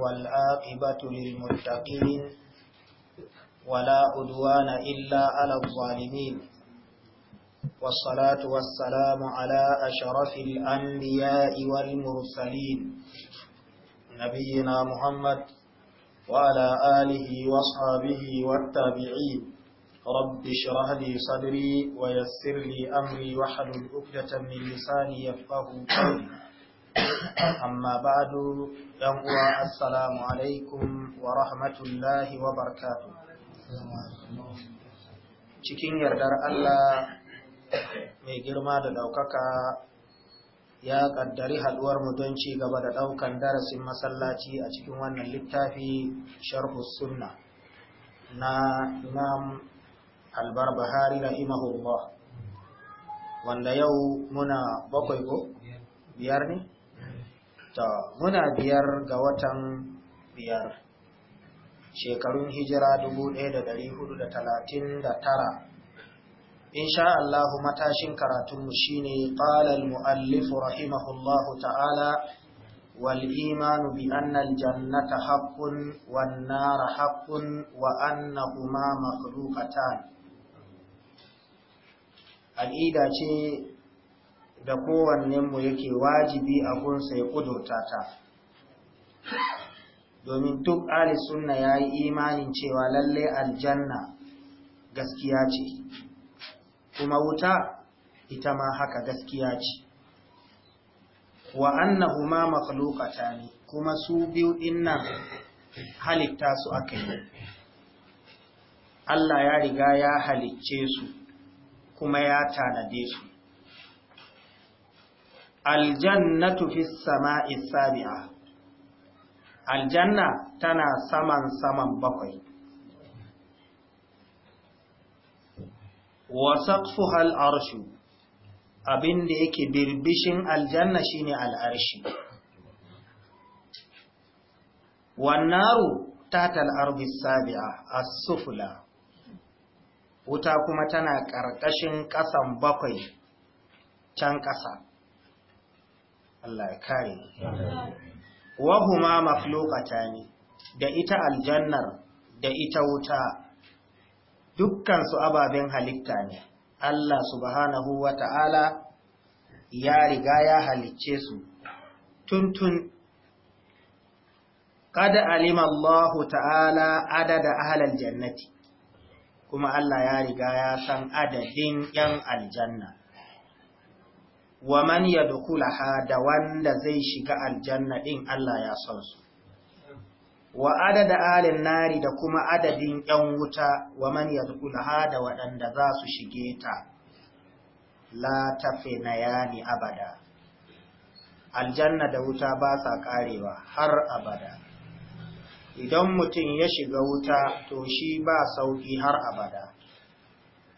والعاقبة للمتقين ولا عدوان إلا على الظالمين والصلاة والسلام على أشرف الأنبياء والمرسلين نبينا محمد وعلى آله وصحابه والتابعين رب اشرح لي صدري ويسر لي أمري واحلل عقدة من لساني يفقه قولي amma ba'du yan uwa assalamu alaikum wa rahmatullahi wa barkatu'. cikin yardar Allah mai girma da ɗaukaka ya ƙaddari haɗuwar mu don ci gaba da ɗaukan darasin masallaci a cikin wannan littafi sharhu sunna na imam albarbahari rahimahullah wanda yau muna bakwai ko biyar ne to muna biyar ga watan biyar shekarun hijira da 1439 insha Allah matashin karatunmu shine ne, ƙalal mu’allifu rahimahullahu ta'ala wal imanu bi annal jannata haqqun wan nara haqqun wa annahuma makhluqatan al'ida ce da kowanne kowannenmu yake wajibi a gunsa ya ƙudurta ta domin duk ali sunna ya yi imanin cewa lalle aljanna gaskiya ce kuma wuta ita ma haka gaskiya ce wa makalokata ne kuma su biyu dinnan halitta su aka yi. Allah ya riga ya halicce su kuma ya tanade su aljannatu fi sama'i sabi'a aljanna tana saman saman bakwai wa saqfuha al'arshu abinda yake birbishin aljanna shine al'arshi wan naru tata ardi sabi'a as-sufla wuta kuma tana ƙarƙashin ƙasan bakwai can ƙasa Allah ya kare wa huma makhluqatani da ita aljannar da ita wuta dukkan su ababen halitta ne Allah subhanahu wata'ala ya riga ya halicce su tuntun qad alima Allah ta'ala adada ahlal jannati kuma Allah ya riga ya san adadin yan aljanna wa man yadkhulaha da wanda zai shiga aljanna din Allah ya san su wa adada alin nari da kuma adadin yan wuta wa man yadkhulaha da waɗanda za su shige ta la yani abada aljanna da wuta ba sa karewa har abada idan mutum ya shiga wuta to shi ba sauki har abada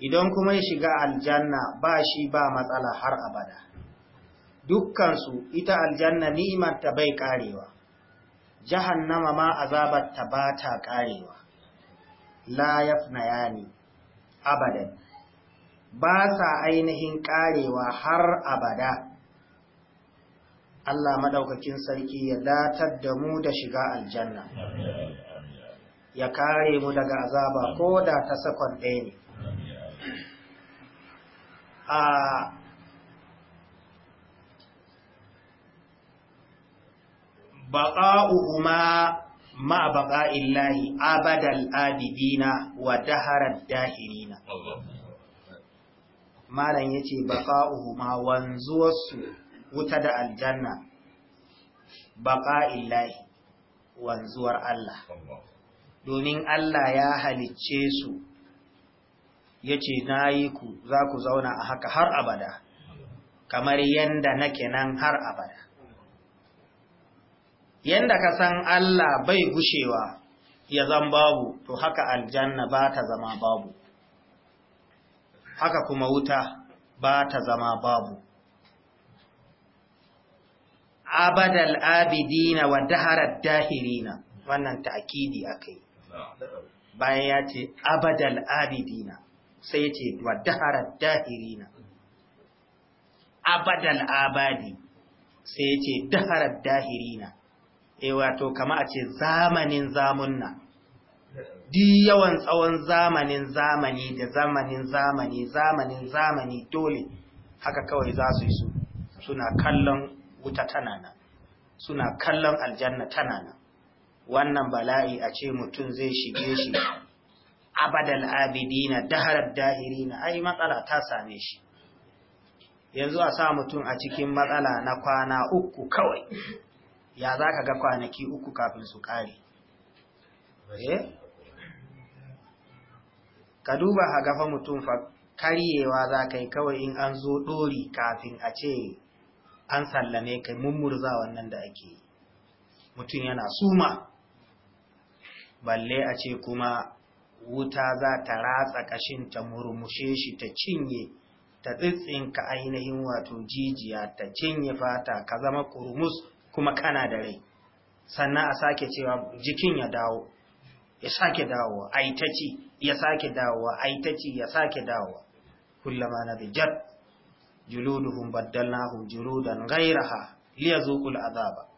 idan kuma ya shiga aljanna ba shi ba matsala har abada dukkansu ita aljanna ni'imarta bai karewa jahannama ma azabarta ba ta karewa la yani abadan ba sa ainihin karewa har abada Allah maɗaukakin sarki ya datar da mu da shiga aljanna ya kare mu daga azaba ko da ta sakon ɗaya ne a ah, baqa'uhuma ma baqa'illahi abadal abidina wa daharad dahirina malam yace baqa'uhuma wanzuwarsu wuta da aljanna baqa'illahi wanzuwar Allah domin Allah ya halicce su yace nayi ku za ku zauna a haka har abada kamar yanda nake nan har abada yanda ka san Allah bai gushewa ya zan babu to haka aljanna ba ta zama babu haka kuma wuta ba ta zama babu abadal abidina wa daharar dahirina wannan ta'kidi akai bayan ya ce abadal abidina sai ce wa daharar dahirina abadal abadi sai ce daharar dahirina e wato kama a ce zamanin zamunna di yawan tsawon zamanin zamani da zamanin zamani zamanin zamani dole haka kawai za su yi su suna kallon wuta tana nan suna kallon aljanna tana nan wannan bala'i a ce mutum zai shige shi abadal abidina daharar dahirina ai matsala ta same shi yanzu a sa mutum a cikin matsala na kwana uku kawai ya za ka ga kwanaki uku kafin su ƙare eh? ka duba a gafa mutum fa karyewa za ka yi kawai in an zo ɗori kafin a ce an sallame kai mummurza wannan da ake mutum yana suma balle a ce kuma wuta za ta ratsa ƙashin ta murmushe shi ta cinye ta tsitsinka ainihin wato jijiya ta cinye fata ka zama kurmus kuma kana da rai sannan a sake cewa jikin ya dawo ya sake dawowa aitaci ya sake dawowa aitaci ya sake dawowa kullama nabijat juluduhum baddalnahum juludan liya liyazuqul azaba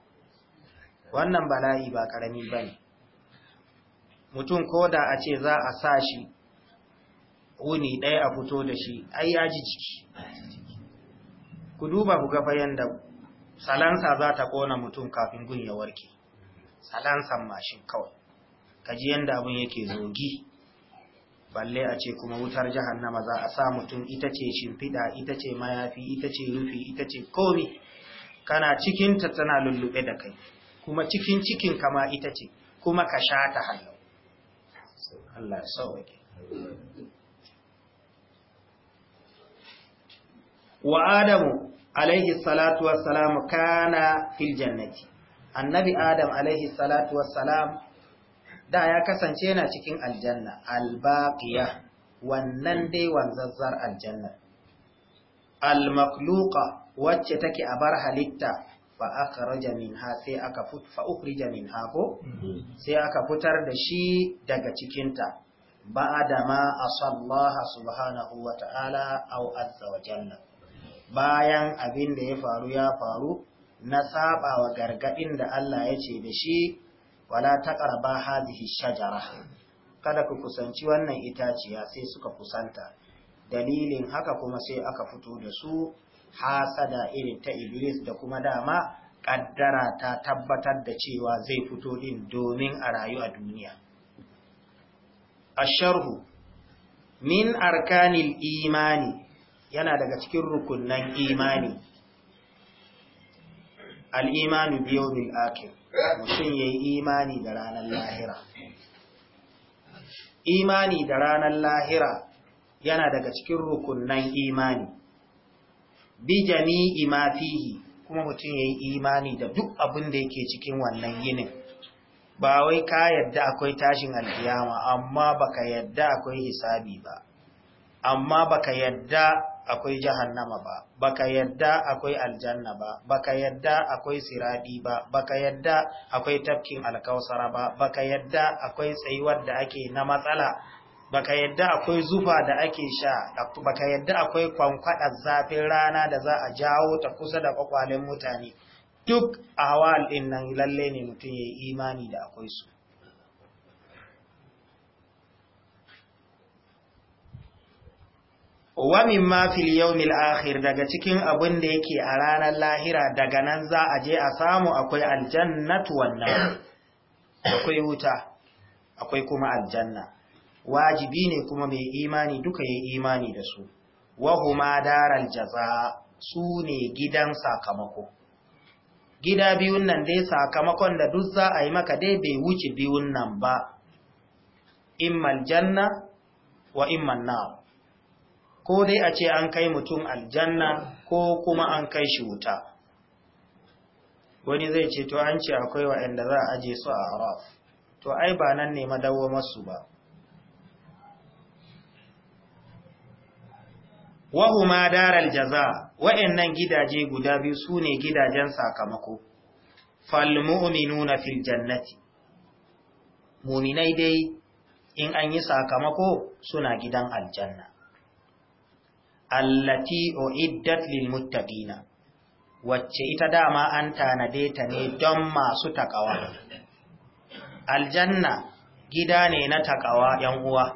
wannan bala'i ba karami bane mutum ko da a ce za a sa shi wuni ɗaya a fito da shi ai ya ji jiki ku duba ku ga da salansa za ta kona mutum kafin gun ya warke salansan mashin kawai kaji yanda abin yake zogi balle a ce kuma wutar jahannama za a sa mutum ita ce shimfiɗa ita ce mayafi ita ce rufi ita ce komi kana cikinta tana lullube da kai kuma cikin cikin kama ita ce kuma ka sha ta hannu wa adamu alaihi salatu wassalam kana fil jannati annabi adam alaihi salatu wassalam da ya kasance yana cikin aljanna albaqiya wannan dai wanzazzar aljanna almakluqa wacce take a bar halitta fa akhraja minha sai aka fut fa ukhrija minha ko mm-hmm. sai aka fitar da shi daga cikin ta ba'da ma asallaha subhanahu wa ta'ala aw azza wa jalla bayan abin da ya faru ya faru na saba wa gargaɗin da Allah ya ce da shi wala taqraba hadhihi shajara kada ku kusanci wannan itaciya sai suka kusanta dalilin haka kuma sai aka fito da su hasada irin ta Iblis da kuma dama kaddara ta tabbatar da cewa zai fito din domin a rayu a duniya asharhu min arkanil imani yana daga cikin rukunan imani Al'imani biyo mil akir mutum ya yi imani da ranar lahira imani da ranar lahira yana daga cikin rukunan imani bi jami'i ma fihi kuma mutum ya yi imani da duk abin da yake cikin wannan yinin ba wai ka yadda akwai tashin alkiyama amma baka yadda akwai hisabi ba amma baka yadda akwai jahannama ba baka yadda akwai aljanna ba baka yadda akwai siradi ba baka yadda akwai tafkin alkausara ba baka yadda akwai tsayuwar da ake na matsala baka yadda akwai zufa da ake sha baka yadda akwai kwankwada zafin rana da za a jawo ta kusa da kwakwalen mutane duk awal din nan lalle ne mutum ya imani da akwai su wa mimma fil yawmil akhir daga cikin abin da yake a ranar lahira daga nan za a je a samu akwai aljannatu wannan akwai wuta akwai kuma aljanna wajibi ne kuma mai imani duka yi imani da su wa huma daral jaza su ne gidan sakamako gida biyun nan dai sakamakon da duk za a yi maka dai bai wuce biyun nan ba imma janna wa imman nar ko dai a ce an kai mutum aljanna ko kuma an kai shi wuta wani zai ce to an ce akwai waɗanda za a aje su a araf to ai ba nan ne madawo masu ba wahuma daral jaza waɗannan gidaje guda biyu sune gidajen sakamako falmu'minuna fil filjannati. muminai dai in an yi sakamako suna gidan aljanna allati uiddat lil muttaqina wacce ita dama an tanade ta ne don masu takawa aljanna gida ne na takawa yan uwa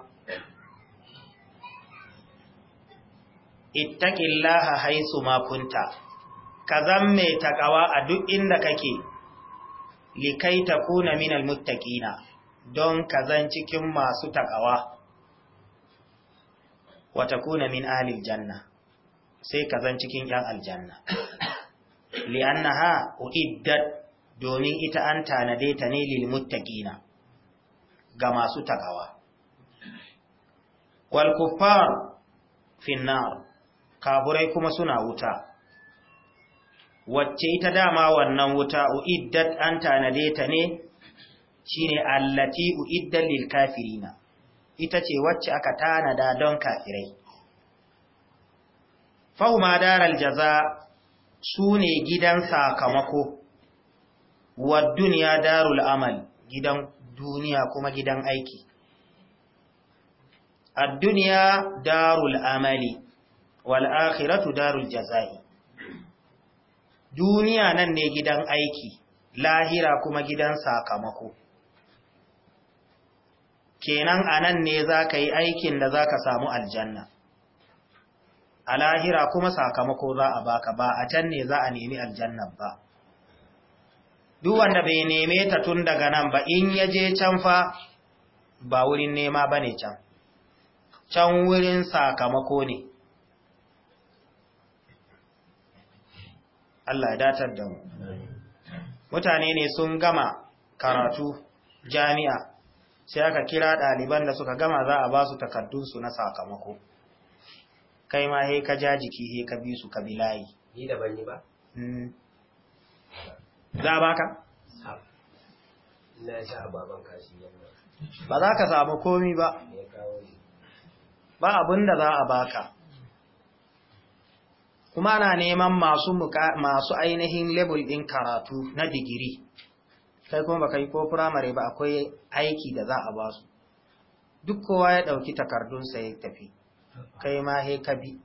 ittaqillaha haisu ma kunta kazan zamme takawa a duk inda kake likai kuna minal muttaqina don kazan cikin masu takawa wa takuna min alil janna sai ka zan cikin yan aljanna li'annaha uiddat domin ita an tanade ta ne lil muttaqina ga masu takawa wal kuffar finnar kaburai kuma suna wuta wacce ita dama wannan wuta uiddat an tanade ta ne shine allati uiddat lil kafirina ita ce wacce aka tanada don kafirai fahuma daral jaza su ne gidan sakamako wa duniya darul amal gidan duniya kuma gidan aiki ad-duniya darul amali wal akhiratu darul jazai duniya nan ne gidan aiki lahira kuma gidan sakamako kenan anan ne za ka yi aikin da za ka samu aljanna a lahira kuma sakamako za a baka ba a can ne za a nemi aljannan ba duk wanda bai neme ta tun daga nan ba in ya je can fa ba wurin nema ba ne can can wurin sakamako ne Allah ya datar da mu mutane ne sun gama karatu jami'a sai aka kira ɗaliban da suka gama za a ba su takardunsu na sakamako kai ma he ka ja jiki he ka bi su kabilayi? bi layi ni da yi ba hmm. za a baka ba za ka samu komi ba ba abin da za a baka kuma na neman masu ainihin lebul ɗin karatu na digiri kai kuma baka yi ko firamare ba akwai aiki da za a ba su duk kowa ya ɗauki takardunsa ya tafi kai ma he ka bi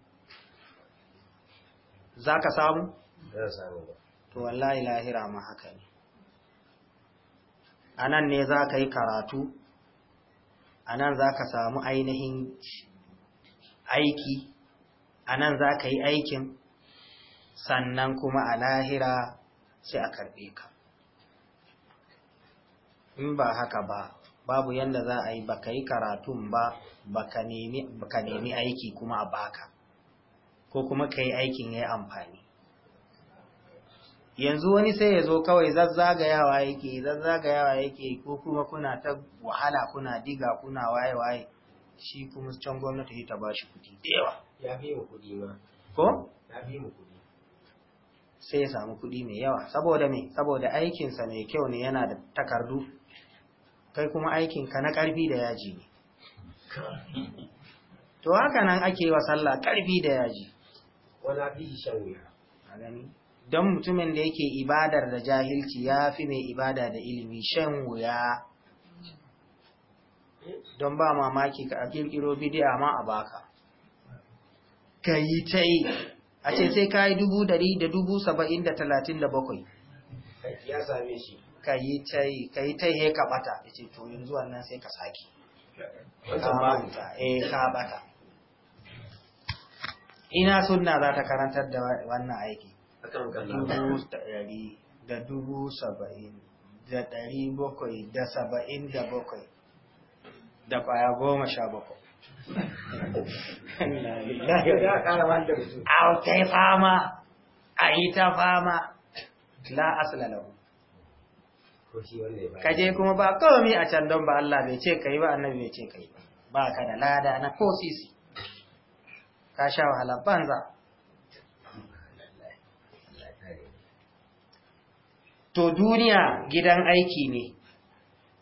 za ka samu? to wallahi lahira ma haka ne a nan ne za ka yi karatu a nan za ka samu ainihin aiki a nan za ka yi aikin sannan kuma a lahira sai a karɓe ka in ba haka ba babu yanda za a yi baka yi karatun ba baka nemi aiki kuma a baka ko kuma ka yi aikin ya yi amfani yanzu wani sai ya zo kawai zazzagayawa yake zazzagayawa yake ko kuma kuna ta wahala kuna diga kuna waye-waye shi kuma can gwamnati ita ba shi kudi da yawa ya fi mu kudi ma ko? ya fi mu kudi sai ya samu kudi mai yawa saboda me saboda aikinsa mai kyau ne yana da takardu kai kuma aikinka na ƙarfi da yaji ne to haka nan ake wa sallah ƙarfi da yaji wala bihi shawiya gani don mutumin da yake ibadar da jahilci ya fi mai ibada da ilimi shan wuya don ba mamaki ka a kirkiro bidiya ma a baka ka yi a ce sai ka yi dubu dari da dubu saba'in da talatin da bakwai ya same shi ka yi ta yi ka yi bata ya ce to yanzu wannan sai ka sake ka bata eh, ina suna za ta karantar da wannan aiki da dubu saba'in da ɗari bakwai da saba'in da bakwai da kwaya goma sha bakwai a kai fama a yi ta fama la asla kaje kuma ba kawai a can don ba Allah bai ce kai ba annabi bai ce kai ba ba ka da lada na ko sisi ka sha wahala banza to duniya gidan aiki ne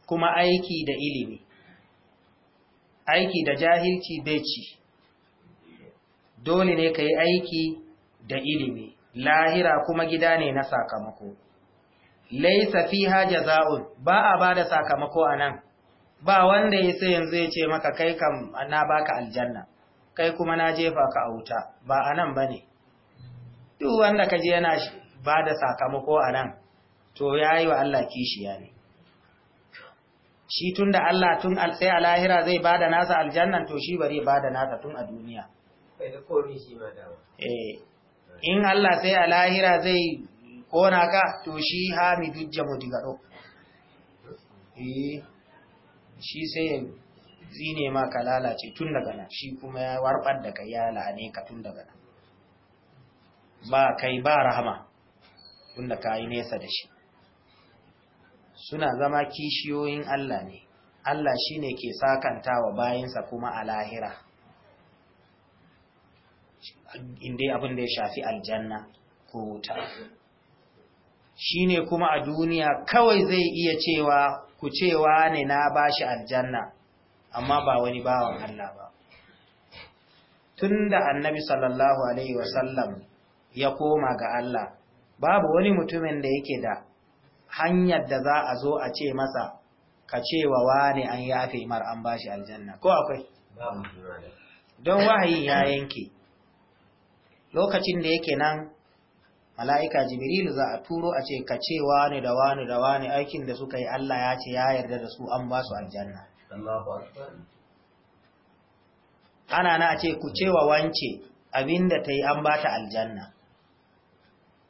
kuma aiki da ilimi aiki da jahilci bai ci dole ne ka yi aiki da ilimi lahira kuma gida ne na sakamako laisa fiha jaza'un ba a bada sakamako anan ba wanda yasa yanzu yace ce maka kai kam na baka aljanna kai kuma na jefa ka a wuta ba anan bane duk wanda kaje yana bada sakamako anan to yayi wa Allah kishiya ne shi tunda Allah tun sai a lahira zai bada nasa aljannan to shi bari bada nasa tun a duniya kai da komai shi ma da eh in Allah sai a lahira zai kona ka to shi mi dujja mu diga do eh shi sai ya zine ma ka lalace tun daga nan shi kuma ya warbar da kai ya lane ka tun daga nan ba kai ba rahama tun da ka yi nesa da shi suna zama kishiyoyin Allah ne Allah shi ne ke sakanta wa bayansa kuma a lahira inda abin da ya shafi aljanna ko wuta Shi ne kuma a duniya kawai zai iya cewa ku cewa ne na bashi aljanna amma ba wani bawan Allah ba tunda annabi sallallahu alaihi wasallam ya koma ga Allah babu wani mutumin da yake da hanyar da za a zo a ce masa ka cewa wane an yafe mar an bashi aljanna ko akwai don wahayi ya yanke lokacin da yake nan mala'ika jibrilu za a turo a ce ka ce wani da wani da wani aikin da suka yi Allah ya ce ya yarda da su an ba su aljanna ana na ce ku cewa wance abinda ta yi an ba ta aljanna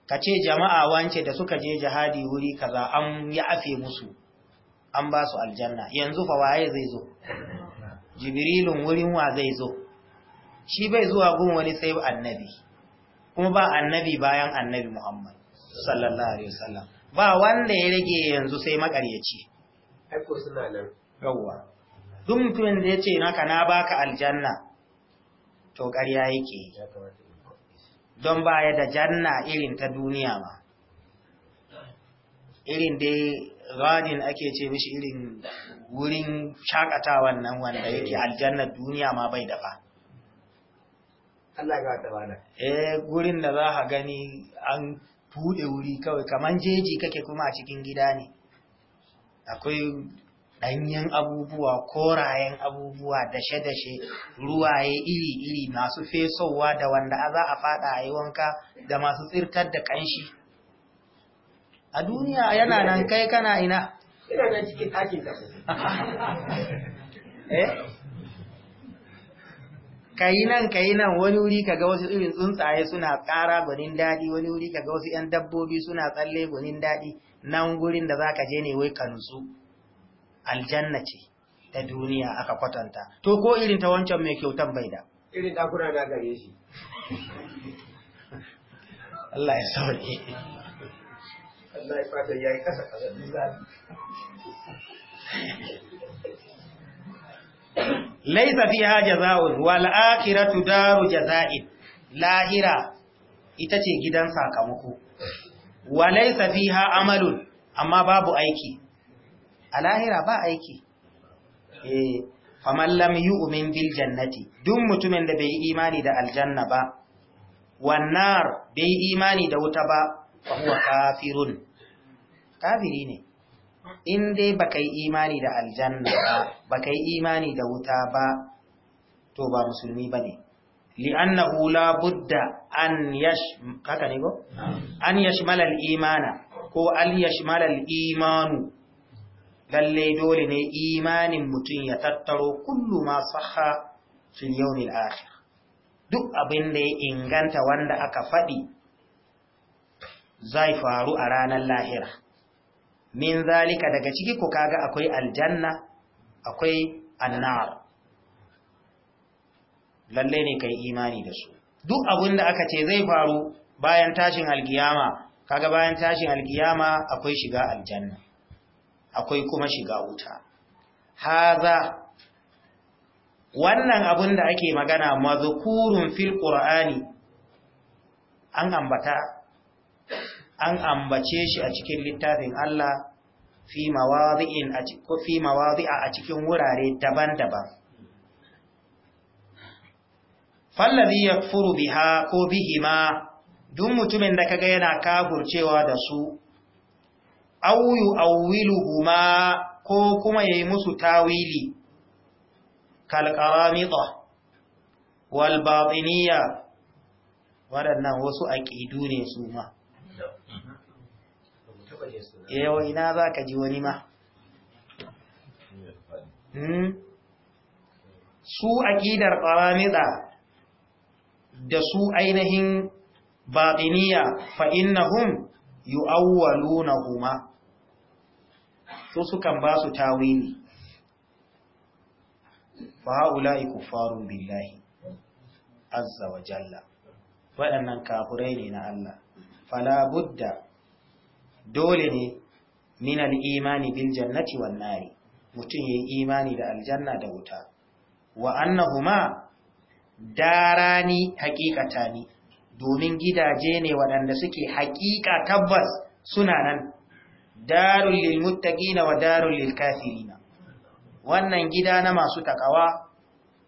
ka ce jama'a wance da suka je jihadi wuri kaza an ya afe musu an ba su aljanna yanzu fa waye zai zo jibrilun wurin wa zai zo shi bai zuwa gun wani sai annabi ko ba annabi bayan annabi Muhammad sallallahu alaihi wasallam ba wanda ya rage yanzu sai makaryaci ai ko suna nan yawa duk mutumin da yace naka na baka aljanna to ƙarya yake don baya da janna irin ta duniya ma irin dai radin ake ce mishi irin wurin shakatawan nan wanda yake aljannar duniya ma bai dafa Allah ga eh gurin da za ka gani an bude wuri kawai kamar jeji kake kuma a cikin gida ne akwai ɗanyen abubuwa korayen abubuwa dashe-dashe ruwaye iri-iri masu fesowa da wanda za a fada a yi wanka da masu tsirtar da kanshi a duniya yana nan kai kana ina ina nan cikin takin eh yi nan yi nan wani wuri kaga wasu irin tsuntsaye suna ƙara gwanin daɗi wani wuri kaga wasu ƴan dabbobi suna tsalle gwanin daɗi nan gurin da zaka je ne wai ka aljanna ce ta duniya aka kwatanta to ko irin ta wancan mai kyautan bai da irin dakuna na gare shi Allah ya sauke Allah ya fata yayi kasa kasa laisa fiha jazaa'un wal akhiratu daru jaza'in lahira ita ce gidan sakamako wa laisa fiha amalun amma babu aiki a lahira ba aiki eh faman lam yu'min bil jannati duk mutumin da bai imani da aljanna ba wannan bai imani da wuta ba fa huwa kafirun kafiri ne in dai baka yi imani da aljanna ba baka yi imani da wuta ba to ba musulmi bane li'annahu la budda an yash haka ne go an yashmala al-imana ko an yashmala al-imanu lalle dole ne imanin mutum ya tattaro kullu ma sahha fil yawmil duk abin da ya inganta wanda aka faɗi, zai faru a ranar lahira min zalika daga ciki ku kaga akwai aljanna akwai annar lalle ne kai imani da su duk abin da aka ce zai faru bayan tashin alkiyama kaga bayan tashin alkiyama akwai shiga aljanna akwai kuma shiga wuta haza wannan abin da ake magana mazkurun fil qur'ani an ambata an ambace shi a cikin littafin Allah fi fi a cikin wurare daban-daban ya yakfuru biha ko bihima duk mutumin da kaga yana kafurcewa da su aw huma ko kuma yayi musu tawili kal qaramita wal batiniya waɗannan wasu aƙidu ne su ma yawa eh, ina za ka ji wani ma hmm? su aƙidar ƙaramida da su ainihin baɗiniya fa'innahun yi awwalu na huma su sukan ba su tawili fa'ula'i kufarun billahi azza wa jalla waɗannan kafurai ne na Allah fala dole ne min imani bil jannati wan nari mutum yayi imani da aljanna da wuta wa annahuma darani haqiqatani domin gidaje ne waɗanda suke haƙiƙa tabbas suna nan darul lil na wa darul lil kafirin wannan gida na masu takawa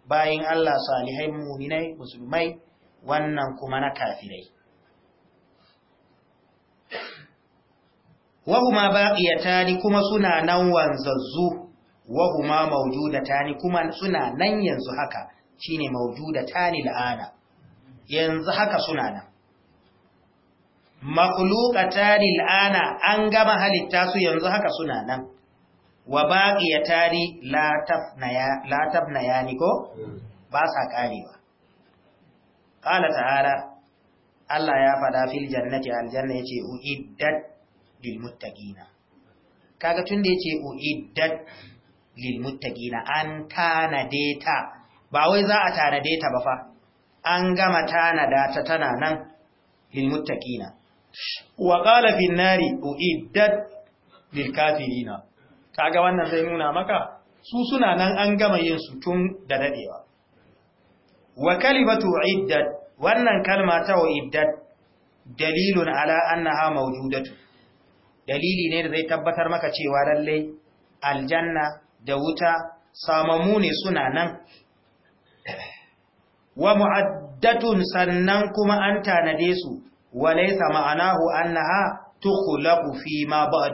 bayin Allah salihai mu'minai musulmai wannan kuma na kafirai wahuma baqiyatani kuma suna nan wanzazzu wahuma mawjudatani kuma suna nan yanzu haka shine mawjudatani la'ana yanzu haka suna nan makhluqatani la'ana an gama halitta su yanzu haka suna nan wa baqiyatani la tafnaya la tabnayani ko ba sa karewa qala ta'ala Allah ya faɗa fil jannati aljanna yace uiddat lilmuttaqina kaga tunda yace uiddat lilmuttaqina an tanade ta ba wai za a tanade ta ba fa an gama tanada ta tana nan lilmuttaqina wa qala bin nari uiddat lilkafirina kaga wannan sai nuna maka su suna nan an gama yin su tun da dadewa wa kalimatu uiddat wannan kalma ta uiddat dalilun ala annaha mawjudatu dalili ne da zai tabbatar maka cewa lalle aljanna da wuta samamu ne suna nan wa mu'addatun sannan kuma an tanade su wa laysa ma'anahu annaha tukhlaqu fi ma ba'd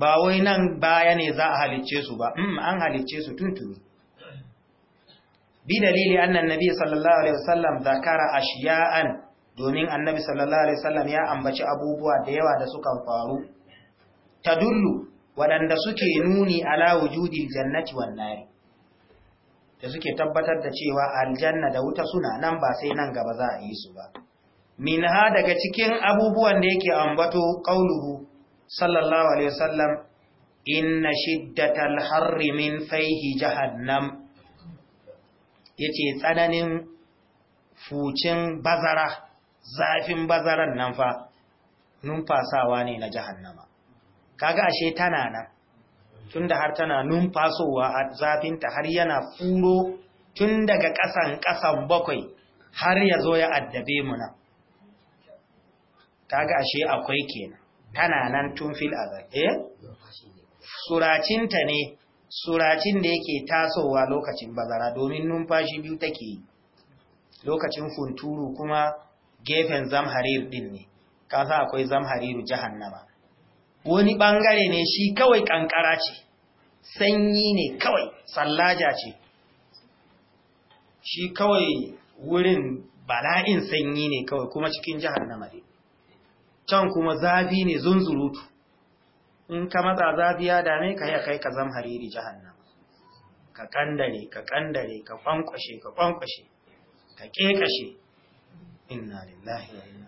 ba wai nan baya ne za a halicce su ba hmm, an halicce su tuntuni bi dalili annan nabi sallallahu alaihi wasallam zakara ashiya'an domin annabi sallallahu alaihi wasallam ya ambaci abubuwa da yawa da suka faru tadullu waɗanda suke nuni ala wujudi jannati wan nari da suke tabbatar da cewa aljanna da wuta suna nan ba sai nan gaba za a yi su ba minha daga cikin abubuwan da yake ambato qauluhu sallallahu alaihi wasallam inna shiddatal harri min fayhi jahannam yace tsananin fucin bazara zafin bazaran nan fa numfasawa ne na jahannama kaga ashe tana nan tunda har tana numfasowa a zafinta har yana furo tun daga ƙasan ƙasan bakwai har ya zo ya addabe mu nan kaga ashe akwai kenan tana nan tun fil azal eh suracinta ne suracin da yake tasowa lokacin bazara domin numfashi biyu take yi lokacin funturu kuma gefen zamharir din ne kasa sa akwai zamhariru jahannama wani ɓangare ne shi kawai ƙanƙara ce sanyi ne kawai sallaja ce shi kawai wurin bala'in sanyi ne kawai kuma cikin jahannama ne can kuma zafi ne zunzurutu in ka matsa zafi ya dame ka ya kai ka zamhariri jahannama ka kandare ka kandare ka kwankwashe ka kwankwashe ka kekashe inna lillahi wa inna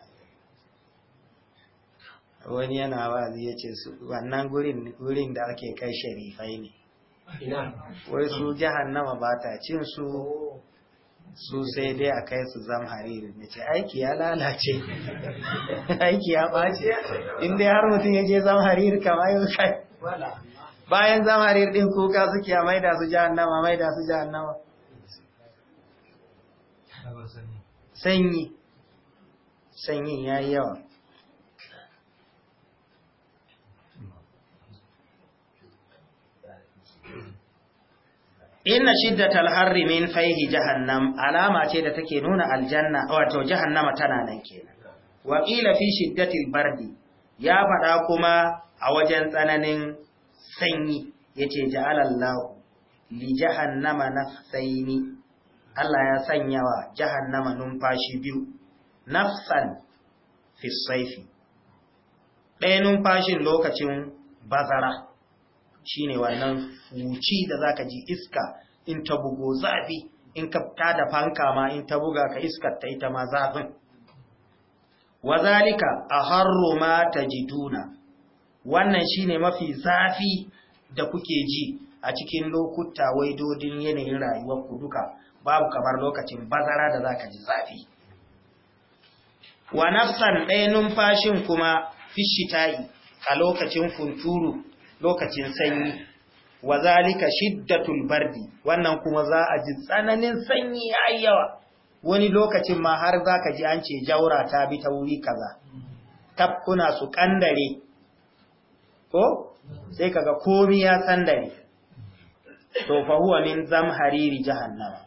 wani yana zai yace su wannan gurin da ake kai sharifai ne wai su jahannama ba ta cin su su sai dai a kai su zam hariri ne ce aiki ya lalace aiki ya ɓace inda har mutum ya je zam hariri kama yau kai bayan zam hariri din kuka suke a maida su jahannama maida su jahannama sanyi sanyin ya yi yawa inna shiddatal harri min faihi jahannam alama ce da take nuna aljanna wato jahannama tana nan kenan wa ila fi shiddatil bardi ya fada kuma a wajen tsananin sanyi yace ja'alallahu li jahannama nafsaini Allah ya sanya sanyawa jahannama numfashi biyu nafsan fi saifi ɗaya numfashin lokacin bazara shi ne wannan fuci da za ka ji iska in ta bugo zafi in ka da fanka ma in ta buga ka iskar ta ita ma zafin wazalika ta ma tajiduna wannan shi ne mafi zafi da kuke ji a cikin lokuta waidodin yanayin rayuwar ku duka babu kamar lokacin bazara da za ka ji zafi wa nafsan ɗaya numfashin kuma yi a lokacin funturu lokacin sanyi wa zalika shiddatul bardi wannan kuma za a ji tsananin sanyi ayyawa wani lokacin ma har za ka ji an ce jaura ta bi ta wuri kaza tafkuna su kandare ko sai kaga komi ya sandare to fa huwa min zamhariri jahannama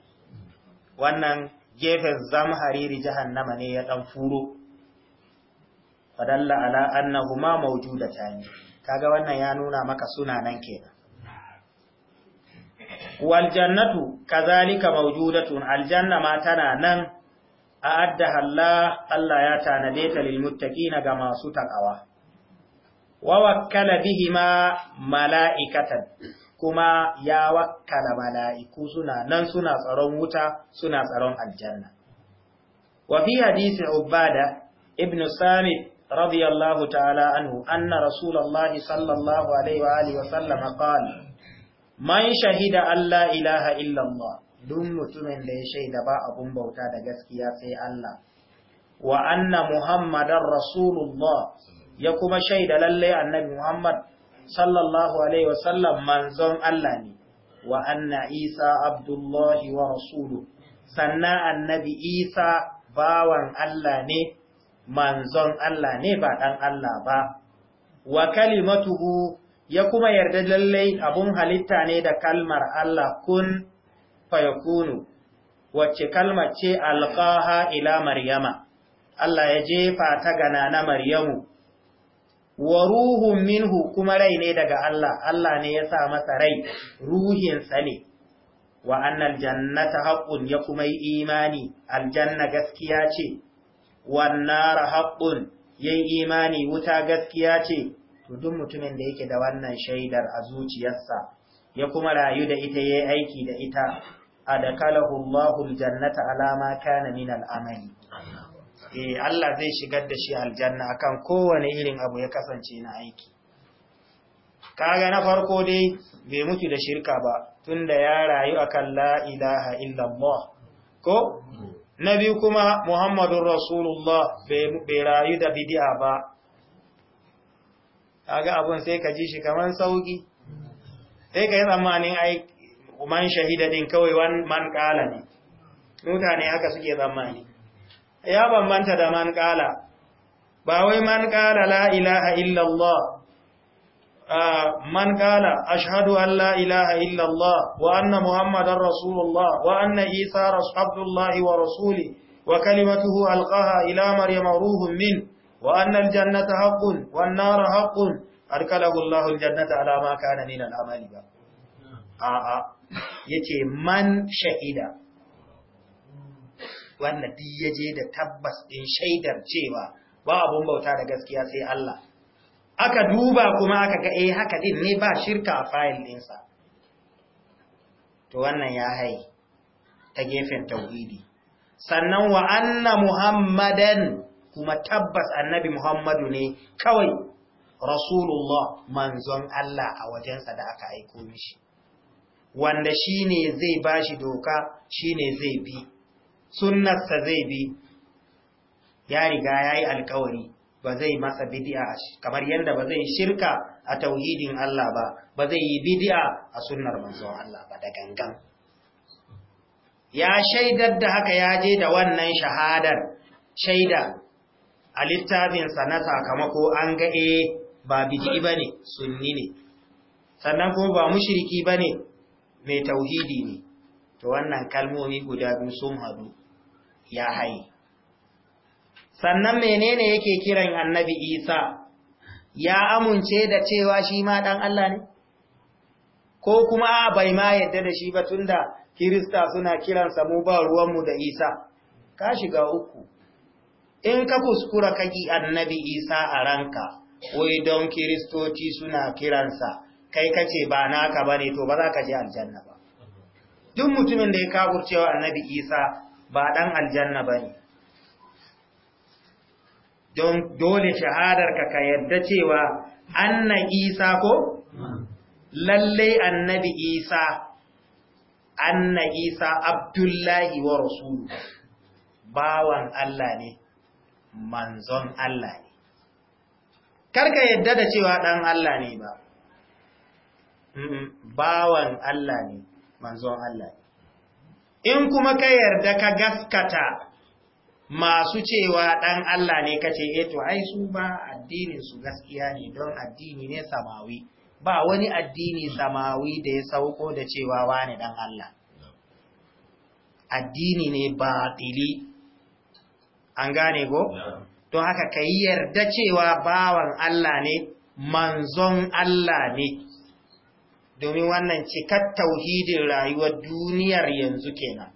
wannan gefen zamhariri jahannama ne ya dan furo fadalla ala annahuma mawjudatani kaga wannan ya nuna maka suna nan kenan wal jannatu kazalika mawjudatun aljanna ma tana nan a'addaha Allah Allah ya tanade ta lil muttaqina ga masu takawa wa wakkala bihima mala'ikatan kuma ya wakkala mala'iku suna nan suna tsaron wuta suna tsaron aljanna. Wa fi hadisi Ubada ibn Samit radiyallahu ta'ala anhu anna Rasulallah sallallahu alaihi wa wa sallama qala man shahida Allah ilaha illallah dun mutumin da ya shaida ba abun bauta da gaskiya sai Allah wa anna Muhammadan Rasulullah ya kuma shaida lallai annabi Muhammad sallallahu alaihi wasallam manzon Allah ne wa anna Isa abdullahi wa rasulu sannan annabi Isa bawan Allah ne manzon Allah ne ba dan Allah ba wa kalimatuhu ya kuma yarda lallai abun halitta ne da kalmar Allah kun fayakunu wacce kalmar ce alqaha ila maryama Allah ya jefa ta gana na Maryamu wa ruhun minhu kuma rai ne daga Allah Allah ne ya sa masa rai ruhinsa ne wa annal jannata haqqun ya kuma yi imani aljanna gaskiya ce wan nara haqqun yayi imani wuta gaskiya ce to duk mutumin da yake da wannan shaidar a zuciyarsa ya kuma rayu da ita yayi aiki da ita adakalahu Allahu aljannata ala ma kana min al'amali eh Allah zai shigar da shi aljanna akan kowane irin abu ya kasance na aiki kaga na farko dai bai mutu da shirka ba tunda ya rayu akan la ilaha illallah ko na biyu kuma muhammadun rasulullah bai rayu da bidi'a ba kaga abun sai ka ji shi kamar sauki sai ka yi tsammanin ai man shahida din kawai man kala ne mutane haka suke tsammani ya bambanta da man ƙala ba wai man ƙala la ilaha illallah man ƙala ashadu an la ilaha illallah wa anna Muhammadan rasulullah wa anna isa abdullahi wa rasuli wa kalimatuhu alqaha ila maryama ruhun min wa anna aljannata haqqun wan nara haqqun arkalahu allahul jannata ala ma kana min al'amali ba a'a yace man shahida wanda duk ya je da tabbas ɗin shaidar cewa ba abun bauta da gaskiya sai Allah aka duba kuma aka ga eh haka din ne ba shirka a fayil ɗinsa to wannan ya hai ta gefen tauhidi sannan wa anna muhammadan kuma tabbas annabi muhammadu ne kawai rasulullah manzon Allah a wajensa da aka aiko mishi wanda shine zai bashi doka shine zai bi sunnarsa zai bi ya riga ya yi alkawari ba zai masa bidi'a kamar yadda ba zai shirka a tauhidin Allah ba ba zai yi bidi'a a sunnar manzo Allah ba da gangan ya shaidar da haka ya je da wannan shahadar shaida a littafinsa na sakamako an ga e ba bidi ba ne sunni ne sannan kuma ba mushiriki ba ne mai tauhidi ne to wannan kalmomi guda biyu sun haɗu ya haye sannan menene yake kiran annabi isa ya amince da cewa shi ma dan Allah ne ko kuma a bai ma yadda da shi ba tunda kirista suna kiransa mu ba ruwanmu da isa ka shiga uku in ka kuskura kaki annabi isa a ranka wai don kiristoci suna kiransa kai kace ba naka bane to ba za ka je aljanna ba duk mutumin da ya kafurcewa annabi isa ba ɗan aljanna ba ne don dole shahadarka ka yadda cewa anna isa ko lallai annabi isa anna isa abdullahi wa rasulu bawan Allah ne manzon Allah ne karka yadda da cewa ɗan Allah ne ba bawan Allah ne manzon Allah ne in kuma ka yarda ka gaskata masu cewa ɗan Allah ne kace eh to ai su ba addinin su gaskiya ne don addini ne samawi ba wani addini samawi da ya sauko da cewa wani dan Allah addini ne batili an gane go to haka kai yarda cewa bawan Allah ne manzon Allah ne domin wannan cikar tauhidin rayuwar duniyar yanzu kenan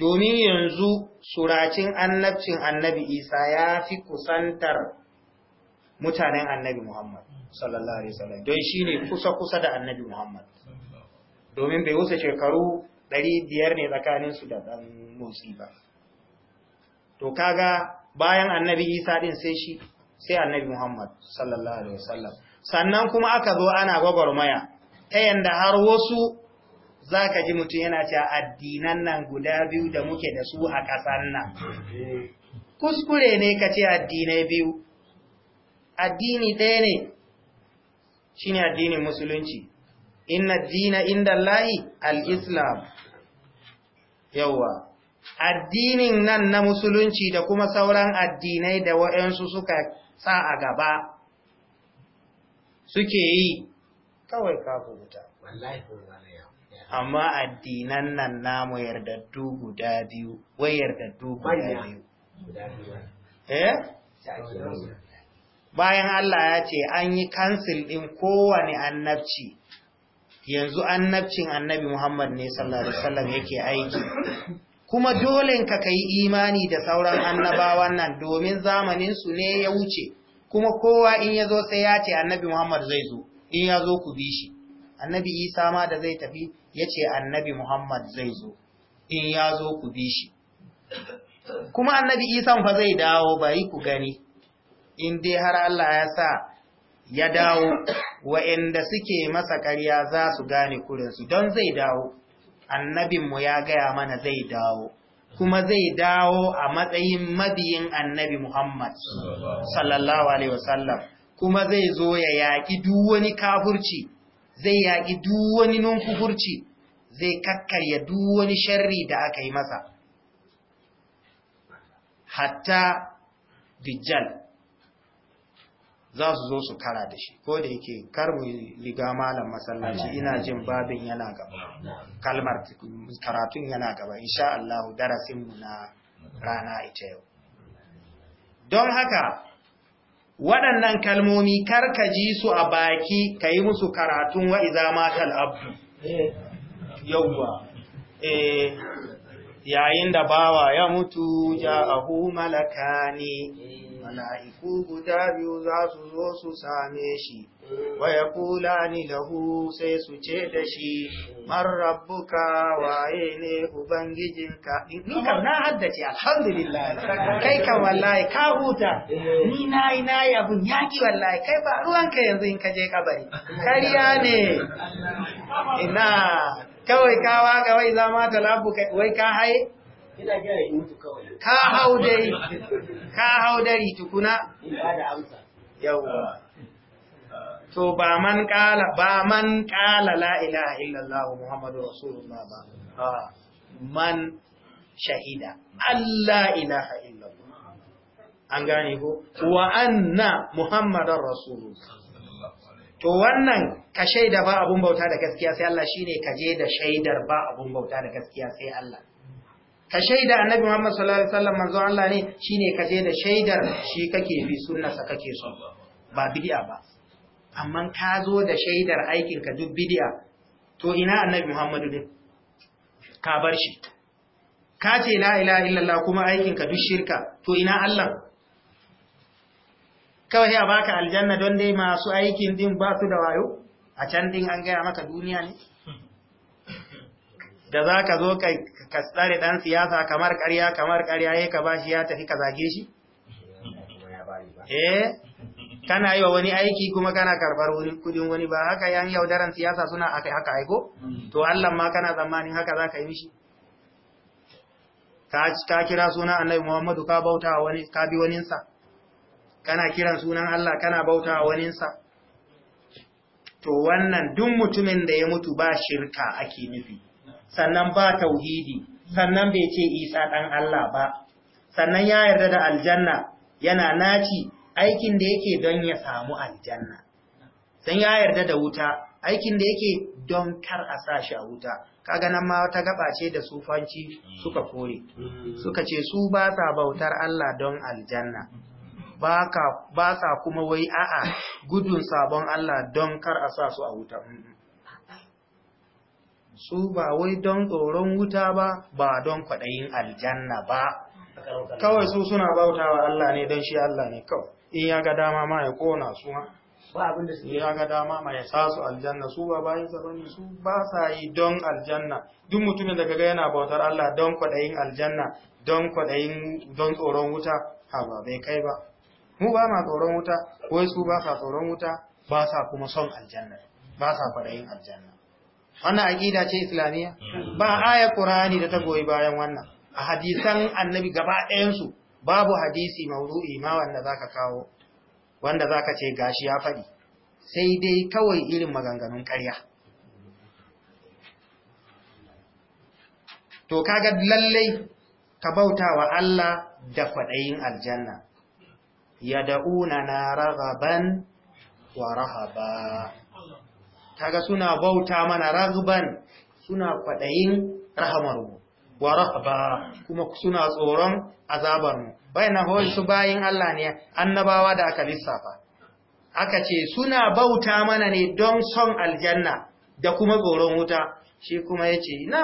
domin yanzu suracin annabcin annabi isa ya fi kusantar mutanen annabi muhammad sallallahu alaihi wasallam don shi ne kusa-kusa da annabi muhammad domin bai wuce shekaru 500 ne tsakaninsu da ɗan motsi ba to kaga bayan annabi isa din sai shi sai annabi muhammad sallallahu alaihi wasallam sannan kuma aka zo ana gwagwarmaya ta yanda har wasu za ka ji mutum yana ce addinan nan guda biyu da muke da su a ƙasar nan kuskure ne ka ce addinai biyu addini ɗaya ne shi ne addinin musulunci inna dina inda lahi al'islam Yauwa, addinin nan na musulunci da kuma sauran addinai da wayansu suka sa a gaba suke yi kawai ka kubuta amma addinan nan namu yardaddu guda biyu wai yardaddu guda eh? biyu bayan Allah ya ce an yi kansil ɗin kowane annabci yanzu annabcin annabi Muhammad ne sallallahu alaihi wasallam yake aiki kuma dole ka yi imani da sauran annabawan nan domin zamaninsu ne ya wuce kuma kowa in ya zo sai ya ce annabi Muhammad zai zo in ya zo ku bi shi annabi isa ma da zai tafi yace annabi muhammad zai zo in ya zo ku bi shi kuma annabi Isa fa zai dawo bari ku gani in dai har allah ya sa ya dawo wa'inda suke masa ƙarya za su gane kurinsu don zai dawo annabinmu ya gaya mana zai dawo kuma zai dawo a matsayin mabiyin annabi muhammad sallallahu alaihi wasallam kuma zai zo ya yaƙi duk wani kafurci zai yaƙi duk wani nunkufurci zai kakkarya duk wani sharri da aka yi masa hatta dijjal za su zo su kara da shi ko da yake karbu riga malam masallaci ina jin babin yana gaba kalmar karatun yana gaba insha Allah mu na rana ita yau don haka waɗannan kalmomi karka ji su a baki ka yi musu karatun wa'iza matal abu yauwa eh, yayin da bawa ya mutu ja ahu malaka ne mala'iku guda biyu za su zo su same shi Sai ويقولان له سيسوچه دشي من waye ne ubangijinka ni kam na haddace alhamdulillah kai kam wallahi ka huta ni nayi nayi abun yaki wallahi kai ba ruwanka yanzu in kaje kabari kariya ne ina kawai ka waga wai zama talabu wai ka haye ka hau dai ka hau dari tukuna yawa so ba man kala ba man kala la ilaha illallah muhammadur rasulullah ba ha man shahida Allah ilaha illallah an gane ko wa anna muhammadar rasulullah to wannan ka shaida ba abun bauta da gaskiya sai Allah shine ka je da shaidar ba abun bauta da gaskiya sai Allah ka shaida annabi Muhammad sallallahu alaihi wasallam manzo Allah ne shine ka je da shaidar shi kake bi sunnarsa kake so ba bid'a ba amma ka zo da shaidar aikinka duk bidiya to ina annabi muhammadu din ka bar shi ka ce la ilaha illallah kuma aikinka duk shirka to ina allah kawai a baka aljanna don dai masu aikin din ba su da wayo a can din an gaya maka duniya ne da za ka zo ka tsare ɗan siyasa kamar ƙarya kamar ƙarya ya ka ba shi ya tafi ka zage shi? Eh, kana yi wa wani aiki kuma kana karbar kudin wani ba haka yan yaudaran siyasa suna aka haka aiko hmm. to Allah ma kana zamanin haka za ka yi mishi ka kira sunan annabi Muhammadu ka bauta wani ka bi waninsa kana kiran sunan Allah kana bauta waninsa to wannan duk mutumin da ya mutu ba shirka ake nufi sannan ba tauhidi sannan bai ce Isa dan Allah ba sannan ya yarda da aljanna yana naci aikin da yake don ya samu aljanna sai ya yarda da wuta aikin da yake don kar a sa shi a wuta kaga nan ma wata gaba ce da sufanci suka kore suka ce su ba sa bautar Allah don aljanna ba sa kuma wai a'a gudun sabon Allah don kar a sa su a wuta su ba wai don tsoron wuta ba ba don kwadayin aljanna ba kawai su suna bautawa Allah ne don shi Allah ne kawai in ya ga dama ma ya kona su ma ba abin da su ya ga dama ma ya sa su aljanna su ba bayin sa bane su ba sa yi don aljanna duk mutumin da kaga yana bautar Allah don kwadayin aljanna don kwadayin don tsoron wuta ha ba bai kai ba mu ba ma tsoron wuta wai su ba sa tsoron wuta ba sa kuma son aljanna ba sa kwadayin aljanna wannan aqida ce islamiyya hmm. ba aya qur'ani da ta goyi bayan wannan a hadisan annabi gaba ɗayan su babu hadisi maudu'i ma wanda zaka kawo wanda zaka ce gashi ya faɗi sai dai kawai irin maganganun ƙarya to kaga lallai ka bautawa Allah da kwaɗayin aljanna yad'una na raghaban wa rahaba kaga suna bauta mana ragban suna kwaɗayin rahamarmu wa rahaba kuma suna tsoron azabar mu bayanan hawai su bayin Allah ne annabawa da aka lissafa aka ce suna bauta mana ne don son aljanna da kuma tsoron wuta shi kuma yace na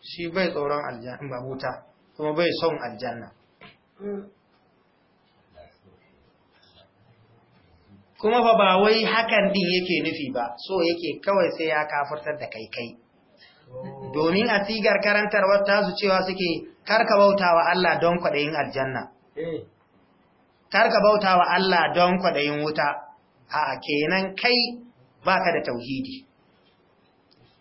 shi bai tsoron aljanna ba wuta kuma bai son aljanna kuma ba ba wai hakan din yake nufi ba so yake kawai sai ya kafartar da kai kai domin a sigar karantar karantarwar su cewa suke karka bauta wa Allah don kwaɗayin aljanna eh. karka bauta wa Allah don kwaɗayin wuta a kenan kai ka da tauhidi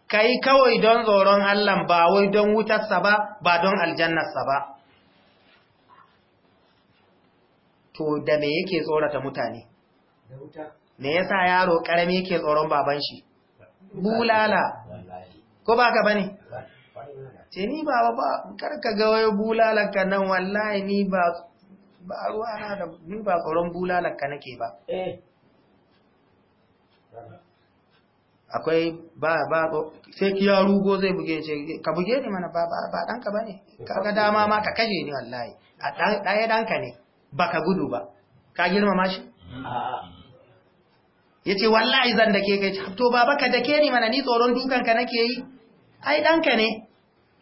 kai kawai don tsoron Allah ba wai don wutarsa ba ba don aljannarsa ba to da me yake tsorata mutane me yasa yaro karami yake tsoron baban shi bulala ko ba ka bane ce ni ba ba karka ga wayo bulalaka nan wallahi ni ba ba ruwa na da ni ba tsoron bulalaka nake ba eh. akwai ba ba sai ki ya rugo zai buge ce ka buge ni mana ba ba danka bane kaga dama ma ka kashe ni wallahi a dan daya danka ne baka gudu ba ka girmama shi yace wallahi zan dake kai to baba ka dake ni mana ni tsoron dukan ka nake yi ai ɗanka ne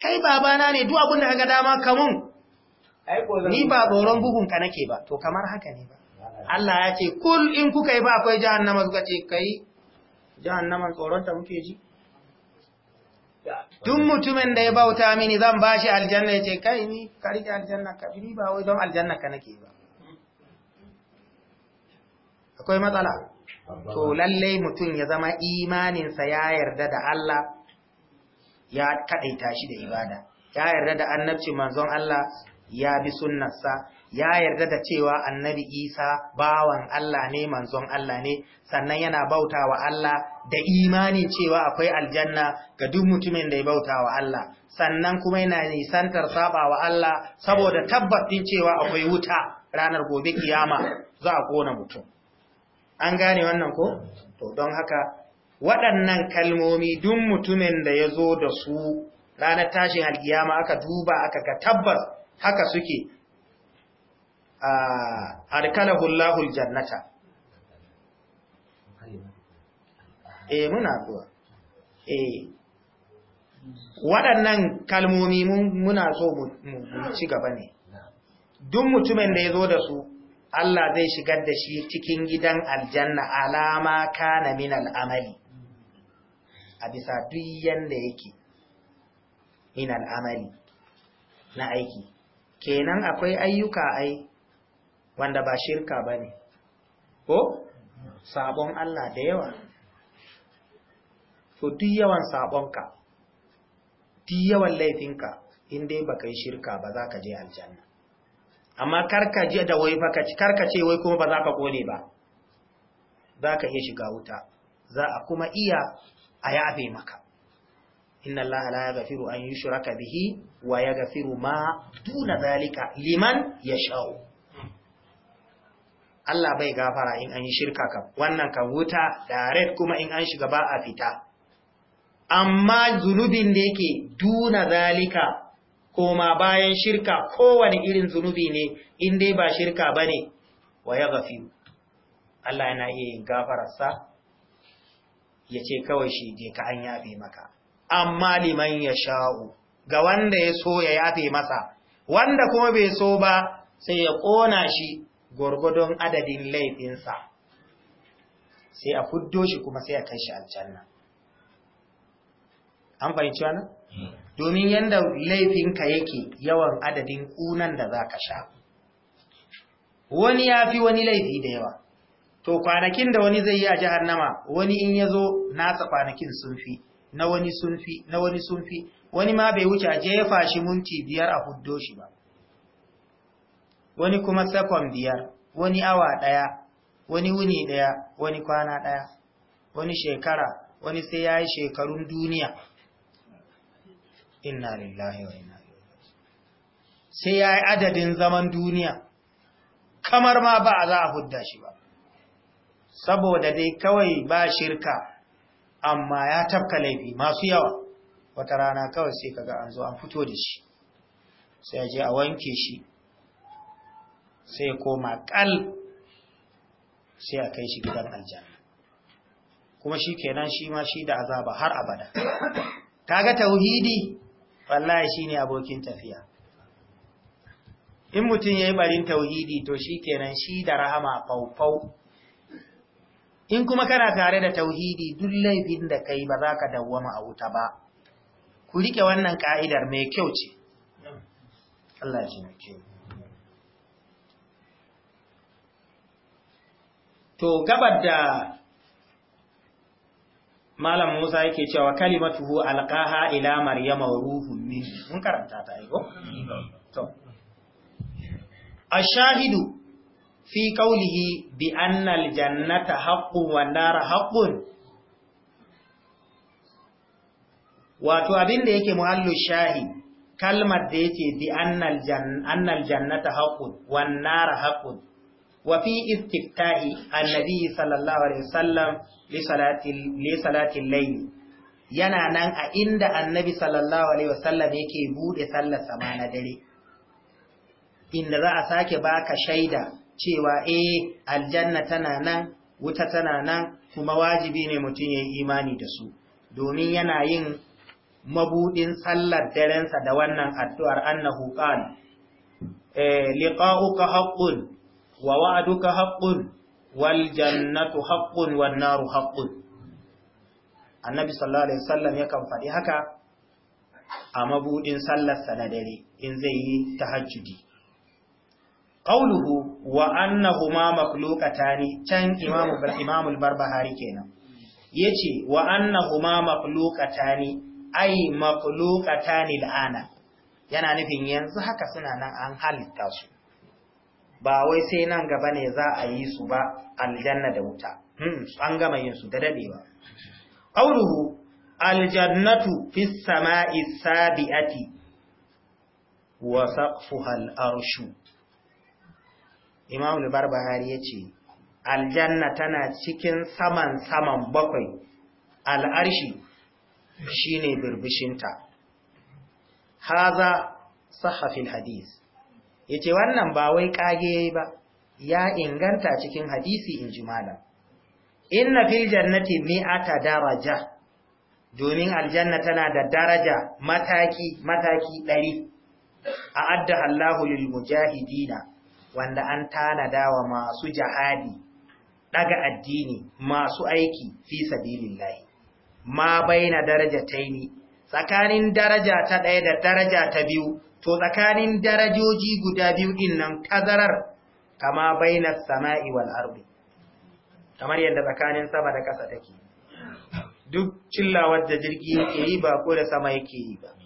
kai babana ne duk abin da kaga dama kamun ni ba tsoron bugunka nake ba to kamar haka ne ba Allah ya ce kul in kuka yi ba akwai jahannama suka ce kai jahannama tsoronta muke ji duk mutumin da ya bauta mini zan bashi aljanna ya ce kai ni ka rike aljanna ka ni ba wai don aljanna ka nake ba akwai matsala to lallai mutum ya zama imaninsa ya yarda da Allah ya kadaita shi da ibada ya yarda da annabci manzon Allah ya bi sunnarsa ya yarda da cewa annabi Isa bawan Allah ne manzon Allah ne sannan yana bautawa Allah da imanin cewa akwai aljanna ga duk mutumin da ya bautawa Allah sannan kuma yana nisantar sabawa Allah saboda tabbatin cewa akwai wuta ranar gobe kiyama za a kona mutum an gane wannan ko to don haka waɗannan kalmomi duk mutumin da ya zo da su ranar tashin alkiyama aka duba aka ga tabbas haka suke arkalahu Allahul jannata e muna zuwa e waɗannan kalmomi muna so mu ci gaba ne duk mutumin da ya zo da su Allah zai shigar da shi cikin gidan aljanna alama kana min al'amali a bisa duk yanda yake min al'amali na aiki kenan akwai ayyuka ai wanda ba shirka ba ne ko sabon Allah da yawa Ko duk yawan sabonka duk yawan laifinka in dai baka yi shirka ba za ka je aljanna amma karka je da wai baka karka ce wai kuma ba za ka kone ba za ka iya shiga wuta za a kuma iya a yabe maka inna allaha la yaghfiru an yushraka bihi wa yaghfiru ma duna zalika liman yasha'u Allah bai gafara in an yi shirka ka wannan ka wuta direct kuma in an shiga ba a fita amma zunubin da yake duna zalika koma bayan shirka kowane irin zunubi ne in dai ba shirka bane wa yaghfiru Allah yana iya gafararsa ya ce kawai shi je ka an yafe maka amma liman ya sha'u ga wanda ya so ya yafe masa wanda kuma bai so ba sai ya ƙona shi gwargwadon adadin laifinsa sai a fuddo shi kuma sai a kai shi aljanna an fahimci wannan hmm. domin yanda laifinka yake yawan adadin kunan da za ka sha wani ya fi wani laifi da yawa to kwanakin da wani zai yi a jahannama wani in ya zo nasa kwanakin sun fi na wani sun fi na wani sun fi wani ma bai wuce a jefa shi munti biyar a huddo shi ba wani kuma sakon biyar wani awa ɗaya wani wuni ɗaya wani kwana ɗaya wani shekara wani sai ya yi shekarun duniya inna lillahi wa inna sai ya yi adadin zaman duniya kamar ma ba a za a hudda shi ba saboda dai kawai ba shirka amma ya tafka laifi masu yawa wata rana kawai sai kaga an zo an fito da shi sai je a wanke shi sai koma kal sai a kai shi gidan aljanna kuma shi shi ma shi da azaba har abada kaga tauhidi wallahi shine abokin tafiya in mutum yayi barin tauhidi to shikenan shi da rahama faufau in kuma kana tare da tauhidi duk laifin da kai ba za ka dawwama a wuta ba ku rike wannan ka'idar mai kyau ce Allah ji mai kyau to gabar da malam Musa yake cewa kalimatuhu alqaha ila maryama wa ruhun min mun karanta ta aiko to ashahidu fi bi jannata haqqun wan haqqun wato abin da yake muhallu shahi kalmar da yake bi annal annal jannata haqqun wan nara haqqun wa fi istiftahi annabi sallallahu alaihi wasallam li salati li salati layl yana nan a inda annabi sallallahu alaihi wasallam yake bude sallar sama na dare inda za a sake baka shaida cewa e aljanna tana nan wuta tana nan kuma wajibi ne mutum ya yi imani da su domin yana yin mabudin sallar darensa da wannan addu'ar annahu qala eh liqa'uka haqqun wa wa’aduka haqqun wal jannatu haqqun wan naru haqqun annabi sallallahu alaihi wasallam yakan faɗi haka a mabudin sallarsa na dare in zai yi tahajjudi qawluhu wa annahuma makhluqatani can imamu imamu barbahari kenan yace wa annahuma makhluqatani ay makhluqatani yana nufin yanzu haka suna nan an halitta su ba wai sai nan gaba ne za a yi su ba aljanna da wuta hmm, an gama yin su da dadewa qawluhu aljannatu fis sama'i sabi'ati wa saqfuha al-arshu imam al-barbahari ya ce aljanna tana cikin saman saman bakwai al'arshi shine birbishinta haza sahafin hadis ya ce wannan ba wai kage ba ya inganta cikin hadisi in ji malam inna fil jannati mi'ata daraja domin aljanna tana da daraja mataki mataki ɗari a adda Allahu lil mujahidina wanda an tanada wa masu jihadi daga addini masu aiki fi sabilillahi ma baina darajataini tsakanin daraja ta ɗaya da daraja ta biyu to tsakanin darajoji guda biyu din nan tazarar kama baina sama'i wal ardi kamar yadda tsakanin sama da ƙasa take duk cillawar da jirgi yake yi ba ko da sama yake yi ba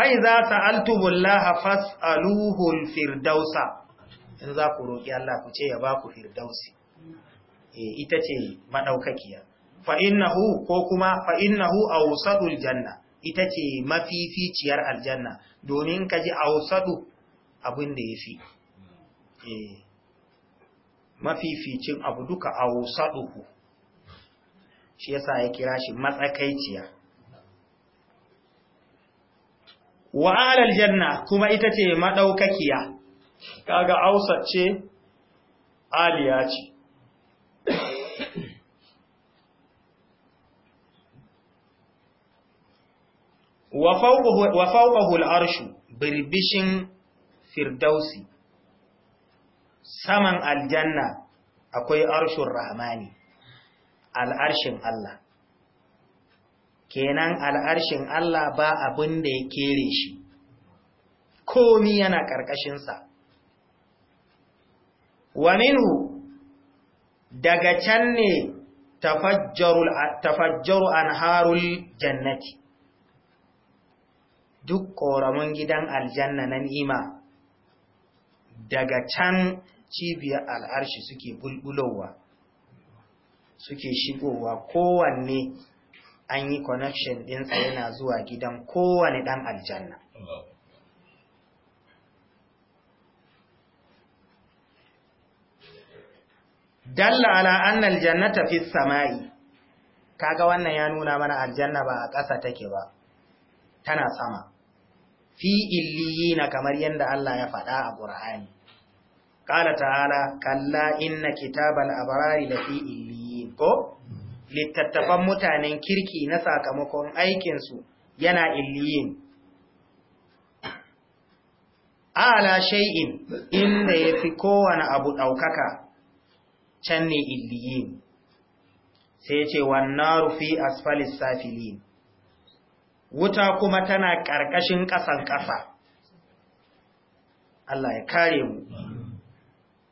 fa'iza sa'altumullaha fas'aluhul firdausa in za ku roƙi Allah ku ce ya ba ku firdausi eh, ita ce maɗaukakiya fa'innahu ko kuma fa'innahu a wusadul janna ita ce mafificiyar aljanna domin ka ji a wusadu abin da ya fi eh, mafificin abu duka a shi yasa ya kira shi matsakaiciya wa alal janna kuma ita ce madaukakiya kaga ausat ce aliya ce wa fawqahu al'arshu birbishin firdausi saman aljanna akwai arshun rahmani al'arshin Allah kenan al'arshin Allah ba abin da ya kere shi komi yana ƙarƙashinsa Waminu daga can ne tafajjaru harul jannati duk ƙoramin gidan aljanna na ni'ima daga can cibiyar al'arshi suke bulbulowa suke shigowa kowanne an yi connection sa yana zuwa gidan kowane ɗan aljanna dalla ala anna aljannata fi samai kaga wannan ya nuna mana aljanna ba a ƙasa take ba tana sama fi illiyina kamar yadda Allah ya faɗa a Qur'ani qala ta'ala kalla inna kitabal abrari lafi illiyin ko littattafan mutanen kirki na sakamakon aikinsu yana illiyin ala shay'in inda ya fi kowane abu ɗaukaka, can ne illiyin sai ce wannan rufi asfalis safilin wuta kuma tana ƙarƙashin ƙasan ƙasa Allah ya kare mu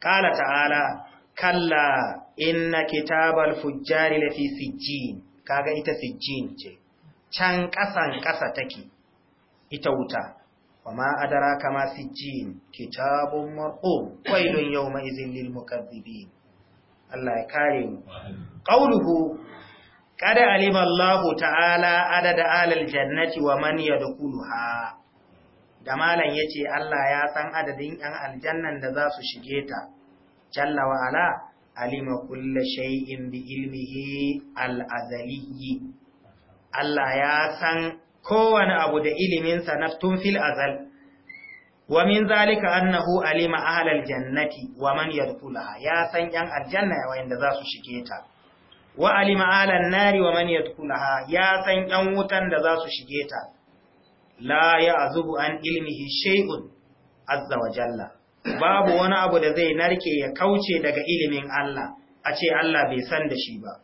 ƙala ta'ala kalla inna kitabal fujjari lafi sijjin kaga ita sijjin ce can ƙasan ƙasa take ita wuta wama adara kama sijjin kitabun marqum wailun yawma izin lil mukaththibin Allah ya kare mu qauluhu kada alima Allah ta'ala adada alal jannati wa man yadkhuluha da malan yace Allah ya san adadin yan aljannan da za su shige ta jalla wa ala alima kulla shay'in bi ilmihi al-azaliyyi Allah ya san kowane abu da iliminsa na tun fil azal wa min zalika annahu alima ahlal jannati wa man yadkhulaha ya san yan aljanna wayanda za su shige ta wa alima nari wa man yadkhulaha ya san yan wutan da za su shige ta la ya'zubu an ilmihi shay'un azza wa jalla babu wani abu da zai narke ya kauce daga ilimin Allah a ce Allah bai san da shi ba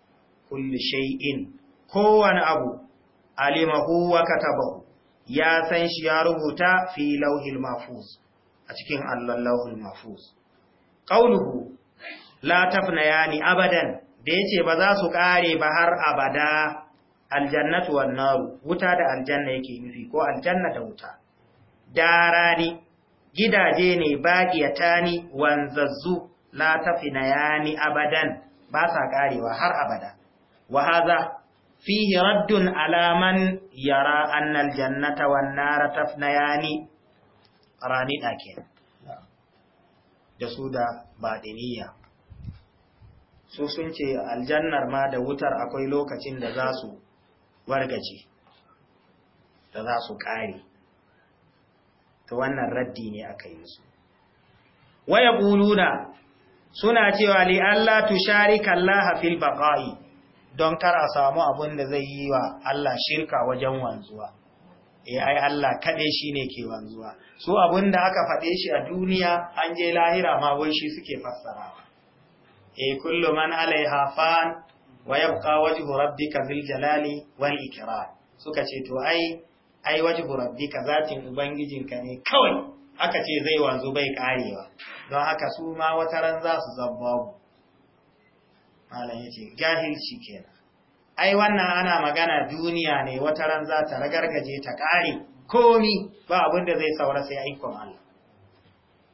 kullu shay'in kowane abu alimahu wa katabahu ya san shi ya rubuta fi lauhil mahfuz a cikin Allah lauhil mahfuz qauluhu la yani abadan da yace ba za su kare ba har abada aljannatu wan naru wuta da aljanna yake nufi ko aljanna da wuta darani gidaje ne baƙiyata ni wanzazzu la tafina yani abadan ba sa karewa har abada Wahaza. hadha fihi raddun ala man yara anna aljannata wan nara rani dake da su da badiniya su sun ce aljannar ma da wutar akwai lokacin da za su wargaje da za su kare to wannan raddi ne aka yi su. waya buluna suna cewa li Allah tusharika Allah fil baqa'i don kar a samu abin da zai yi wa Allah shirka wajen wanzuwa eh ai Allah kade ne ke wanzuwa su abin da aka fade shi a duniya an je lahira ma wai shi suke fassara. eh kullu man alaiha fan wa yabqa wajhu rabbika zil jalali wal ikram suka ce to ai ai wajhu rabbika zatin ubangijinka ne kawai aka ce zai wanzu bai karewa don haka su ma wata ran za su zabbabu malam yace jahilci kenan ai wannan ana magana duniya ne wata ran za ta ragargaje ta kare komi ba abin da zai saura sai aikon Allah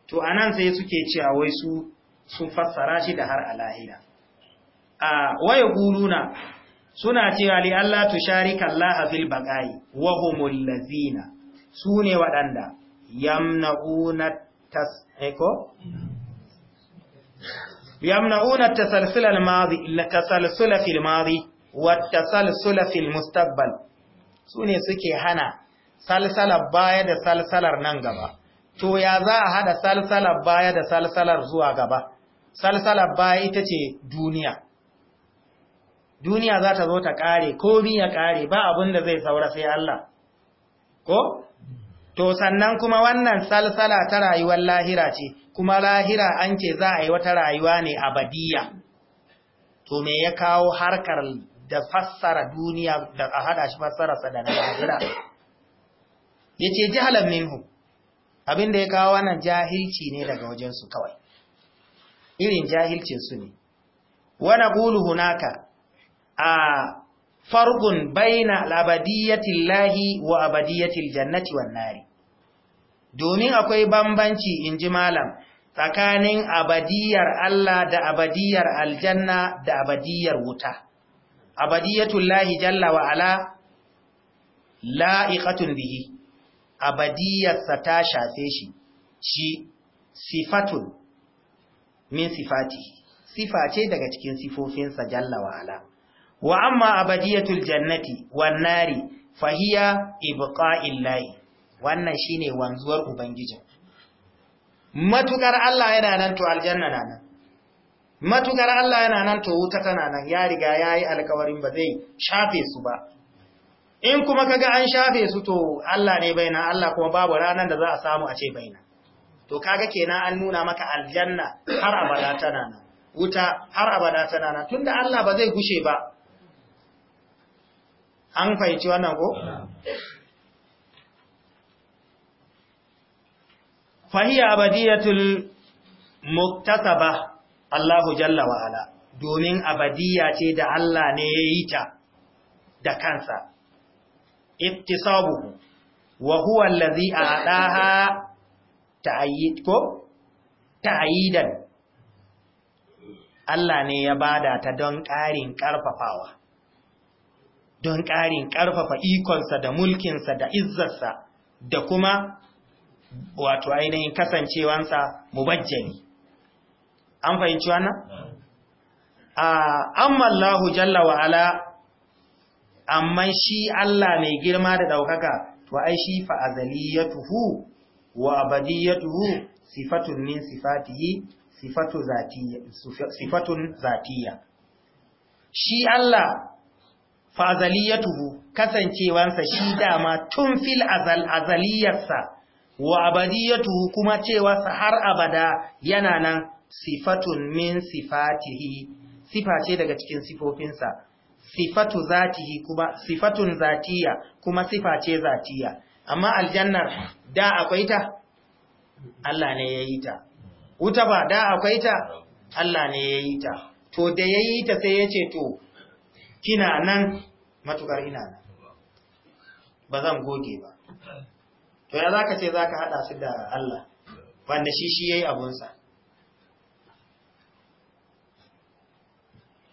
to anan sai suke cewa wai su su fassara shi da har alahira a waya guluna suna cewa li Allah tusharika Allah fil baqai wa humul ladina sune wadanda yamnauna tas eko eh, yamnauna tasalsul al madi illa tasalsul fil madi wa tasalsul fil mustaqbal sune suke hana salsalar baya da salsalar nan gaba to ya za a hada salsalar baya da salsalar zuwa gaba salsalar baya ita ce duniya duniya za ta zo ta ƙare komi ya ƙare ba abin da zai saura sai Allah ko to sannan kuma wannan salsala ta rayuwar lahira ce kuma lahira an ce za a yi wata rayuwa ne abadiya to me ya kawo harkar da fassara duniya da a hada shi fassararsa da lahira ya ce jihalar minhu abinda ya kawo wannan jahilci ne daga wajensu kawai irin jahilcinsu ne wana gulu hunaka a farqun baina al-abadiyati llahi wa abadiyati jannati wan nari domin akwai bambanci ji malam tsakanin abadiyar Allah da abadiyar aljanna da abadiyar wuta Abadiyyatun lahi jalla wa ala la'iqatun bihi abadiyyarsa ta shafe shi shi sifatun min sifati sifa ce daga cikin sifofinsa jalla wa ala wa amma abadiyatul jannati wan nari fahiya ibqa'illahi wannan shine wanzuwar ubangijin matukar Allah yana nan to aljanna na nan matukar Allah yana nan to wuta tana nan ya riga yayi alƙawarin ba zai shafe su ba in kuma kaga an shafe su to Allah ne baina Allah kuma babu ranar da za a samu a ce baina to kaga kenan an nuna maka aljanna har abada tana nan wuta har abada tana nan tunda Allah ba zai gushe ba an fahimci wannan ko fahiya abadiyatul muktasaba Allahu jalla wa ala domin abadiya ce da Allah ne ya yi ta da kansa iktisabuhu wa huwa allazi a'daha ta'yid ko ta'yidan Allah ne ya bada ta don ƙarin ƙarfafawa don ƙarin ƙarfafa ikonsa da mulkinsa da izzarsa da kuma wato ainihin kasancewansa mubajjani an fahimci wannan hmm. ah, amma jalla wa ala amma shi Allah mai girma da ɗaukaka, to ai shi ya tuhu wa tuhu sifatun min sifatihi sifatun zatiya. shi Allah fazaliyatuhu kasancewansa shi dama tun fil azal azaliyarsa wa abadiyatuhu kuma cewarsa har abada yana nan sifatun min sifatihi sifa ce daga cikin sifofinsa sifatu zatihi kuma sifatun zatiya kuma sifa ce zatiya amma aljannar da akwai ta Allah ne yayi ta wuta ba da akwai ta Allah ne yayi ta to da yayi ta sai yace to kina nan matukar ina nan ba zan goge ba to ya za ka ce za ka haɗa su da Allah wanda shi shi ya yi abunsa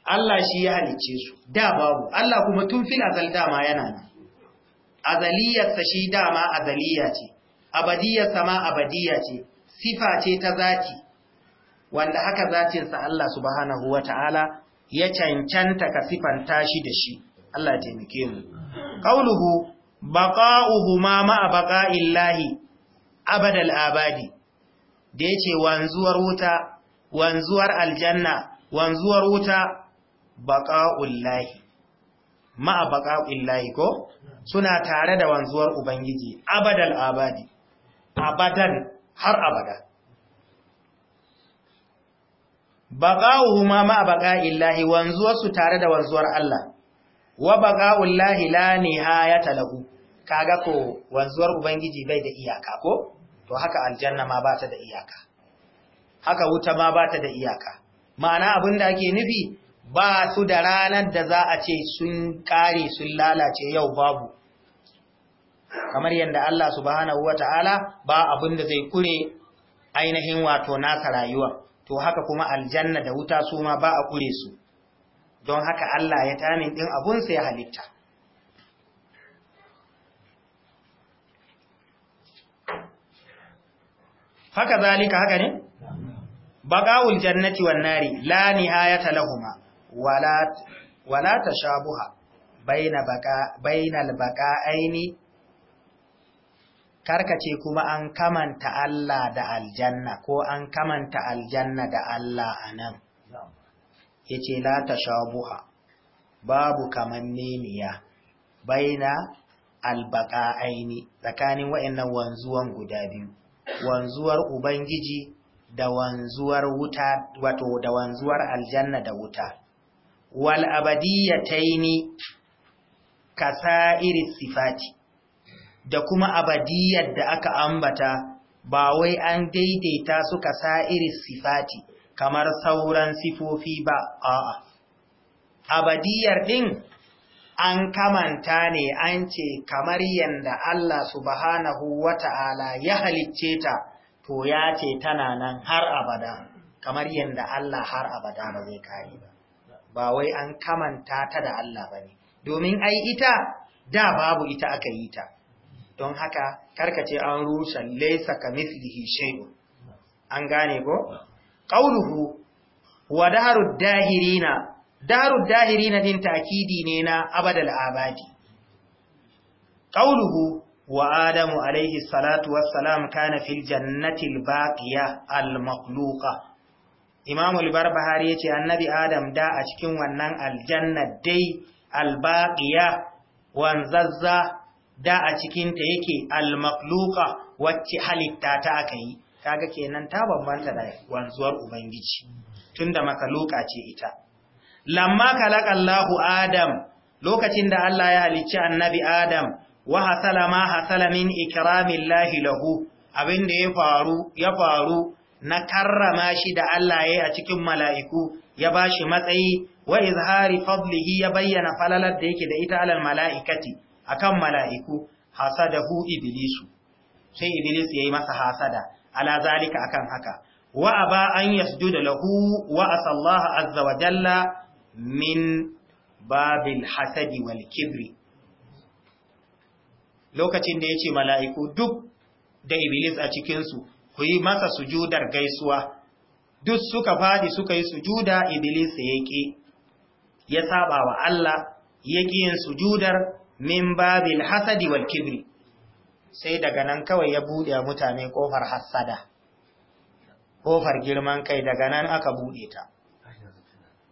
Allah shi ya halicce su da babu Allah kuma tun fil azal dama yana nan azaliyarsa shi dama azaliya ce abadiyarsa ma abadiya ce sifa ce ta zati wanda haka zatinsa Allah subhanahu wata'ala ya cancanta ka sifanta shi da shi Allah ya taimake mu qauluhu baqa'uhuma ma'a baqa'illahi abadal abadi da yace wanzuwar wuta wanzuwar aljanna wanzuwar wuta baqa'ullahi ma'a baqa'illahi ko suna tare da wanzuwar ubangiji abadal abadi abadan har abada baqa'uhuma ma'a baqa'illahi wanzuwar su tare da wanzuwar Allah wa baqa'ullahi la nihayata lahu kaga ko wanzuwar ubangiji bai da iyaka ko to haka aljanna ma ba ta da iyaka haka wuta ma ba ta da iyaka ma'ana abin ake nufi ba su da ranar da za a ce sun kare sun lalace yau babu kamar yadda Allah subhanahu wata'ala ba abinda zai kure ainihin wato nasa rayuwa to haka kuma aljanna da wuta su ma ba a kure su don haka Allah ya tani ɗin abunsa ya halitta haka zalika haka ne baqaul jannati wan nari la nihayata lahumma wala wala tashabuha baina baqa bainal baqa'aini karkace kuma an kamanta Allah da aljanna ko an kamanta aljanna da Allah anan ya ce la tashabuha babu babu kamanneniya baina albaka tsakanin waɗannan wanzuwan guda biyu wanzuwar ubangiji da wanzuwar wuta wato da wanzuwar aljanna da wuta wal abadiyataini kasa'iri sifati da kuma abadiyar da aka ambata ba wai an daidaita su kasa'iri sifati kamar sauran sifofi ba a'a abadiyar din an kamanta ne an ce kamar yadda Allah subhanahu Ta'ala ya halicce ta to ya ce tana nan har abada kamar yadda Allah har abada ba zai kare ba ba wai an kamanta ta da Allah ba ne. domin ai ita da babu ita aka yi ta don haka karkace an rushe laisa ka mislihi shay'un an gane ko ƙauluhu wa na dahirina darud dahirina din takidi ne na abadal abadi ƙauluhu wa adamu alaihi salatu wassalam kana fil jannatil baqiya al makhluqa imamu al ya yace annabi adam da a cikin wannan aljanna dai al wanzazza da a cikin ta yake al wacce halitta ta aka yi kaga kenan ta bambanta da wanzuwar ubangiji tunda makaluka ce ita lamma Allahu adam lokacin da Allah ya halicci annabi adam wa hasala ma hasala min ikramillahi lahu da ya faru ya faru na karrama shi da Allah yayi a cikin mala'iku ya bashi matsayi wa izhari fadlihi ya bayyana falalar da yake da ita alal mala'ikati akan mala'iku hasadahu iblisu sai iblis yi masa hasada ala zalika akan haka wa aba an yasjuda lahu wa asallaha azza wa jalla min babil hasadi wal kibri lokacin da yace mala'iku duk da iblis a cikin su ku yi masa sujudar gaisuwa duk suka fadi suka yi sujuda iblis yake ya saba wa Allah yake yin sujudar min babil hasadi wal kibri sai daga nan kawai ya buɗe mutane ƙofar hassada ƙofar girman kai daga nan aka buɗe ta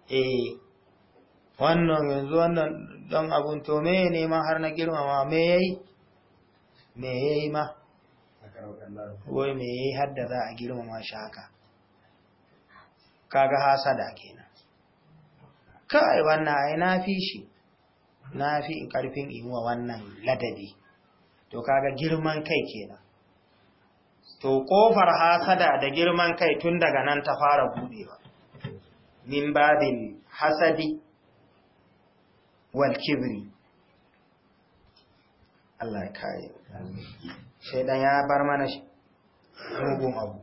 eh wannan yanzu wannan don abun to me neman har na girmama me yayi me yayi ma wai me yayi hadda za a girmama shi haka kaga hasada kenan kai wannan ai na fi shi na fi karfin inuwa wannan ladabi to kaga girman kai kenan to kofar hasada da girman kai tun daga nan ta fara budewa min babin hasadi wal kibri Allah Sai dan ya bar mana rubun abu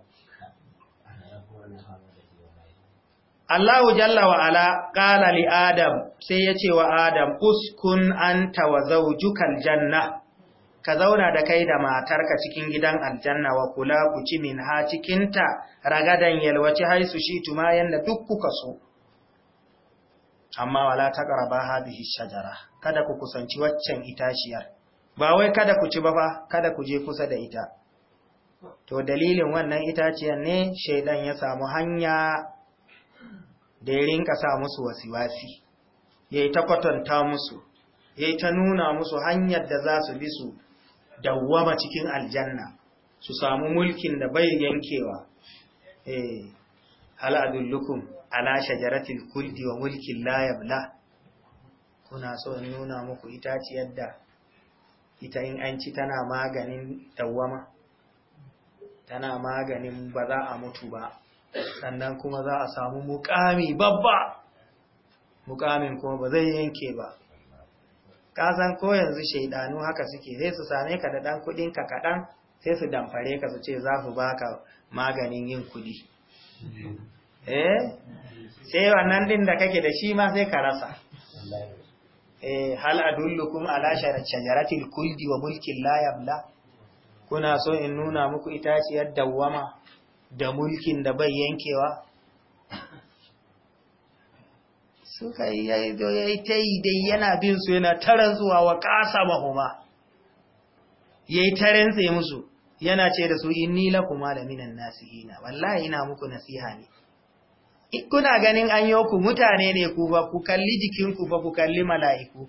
Allahu jalla wa ala qala li adam sai yace wa adam uskun anta wa al janna ka zauna da kai da matarka cikin gidan aljanna wa kula ku ci min ha cikinta ragadan yalwaci haisu shi tuma yanda duk kuka so amma wala taqraba hadhihi shajara kada ku kusanci waccan itaciyar ba wai kada ku ci ba fa kada ku je kusa da ita to dalilin wannan itaciyar ne shaidan ya samu hanya da ya rinka sa musu wasiwasi yayi ta kwatanta musu yayi ta nuna musu hanyar da za su bi su dawwama cikin aljanna su samu mulkin da bai yankewa eh hal adullukum ala shajaratil kuldi wa mulkin la yabla kuna so in nuna muku itaciyar yadda ita in an ci tana maganin dawwama tana maganin ba za a mutu ba sannan kuma za a samu mukami babba mukamin kuma ba zai yanke ba ka san ko yanzu shaidanu haka suke sai su same ka da ɗan kuɗin ka kaɗan sai su damfare ka su ce za su baka maganin yin kuɗi eh sai wannan ɗin da kake da shi ma sai ka rasa eh hal adullukum ala shajaratil kuldi wa mulkin la yabla kuna so in nuna muku itaciyar dawwama da mulkin da bai yankewa suka yi yayi ta yi dai yana bin su yana taran zuwa wa ƙasa mahoma ya yi tarin tsaye musu yana ce da su inni kuma da minan nasihina wallahi ina muku nasiha ne kuna ganin an yi ku mutane ne ku ba ku kalli jikinku ba ku kalli mala'iku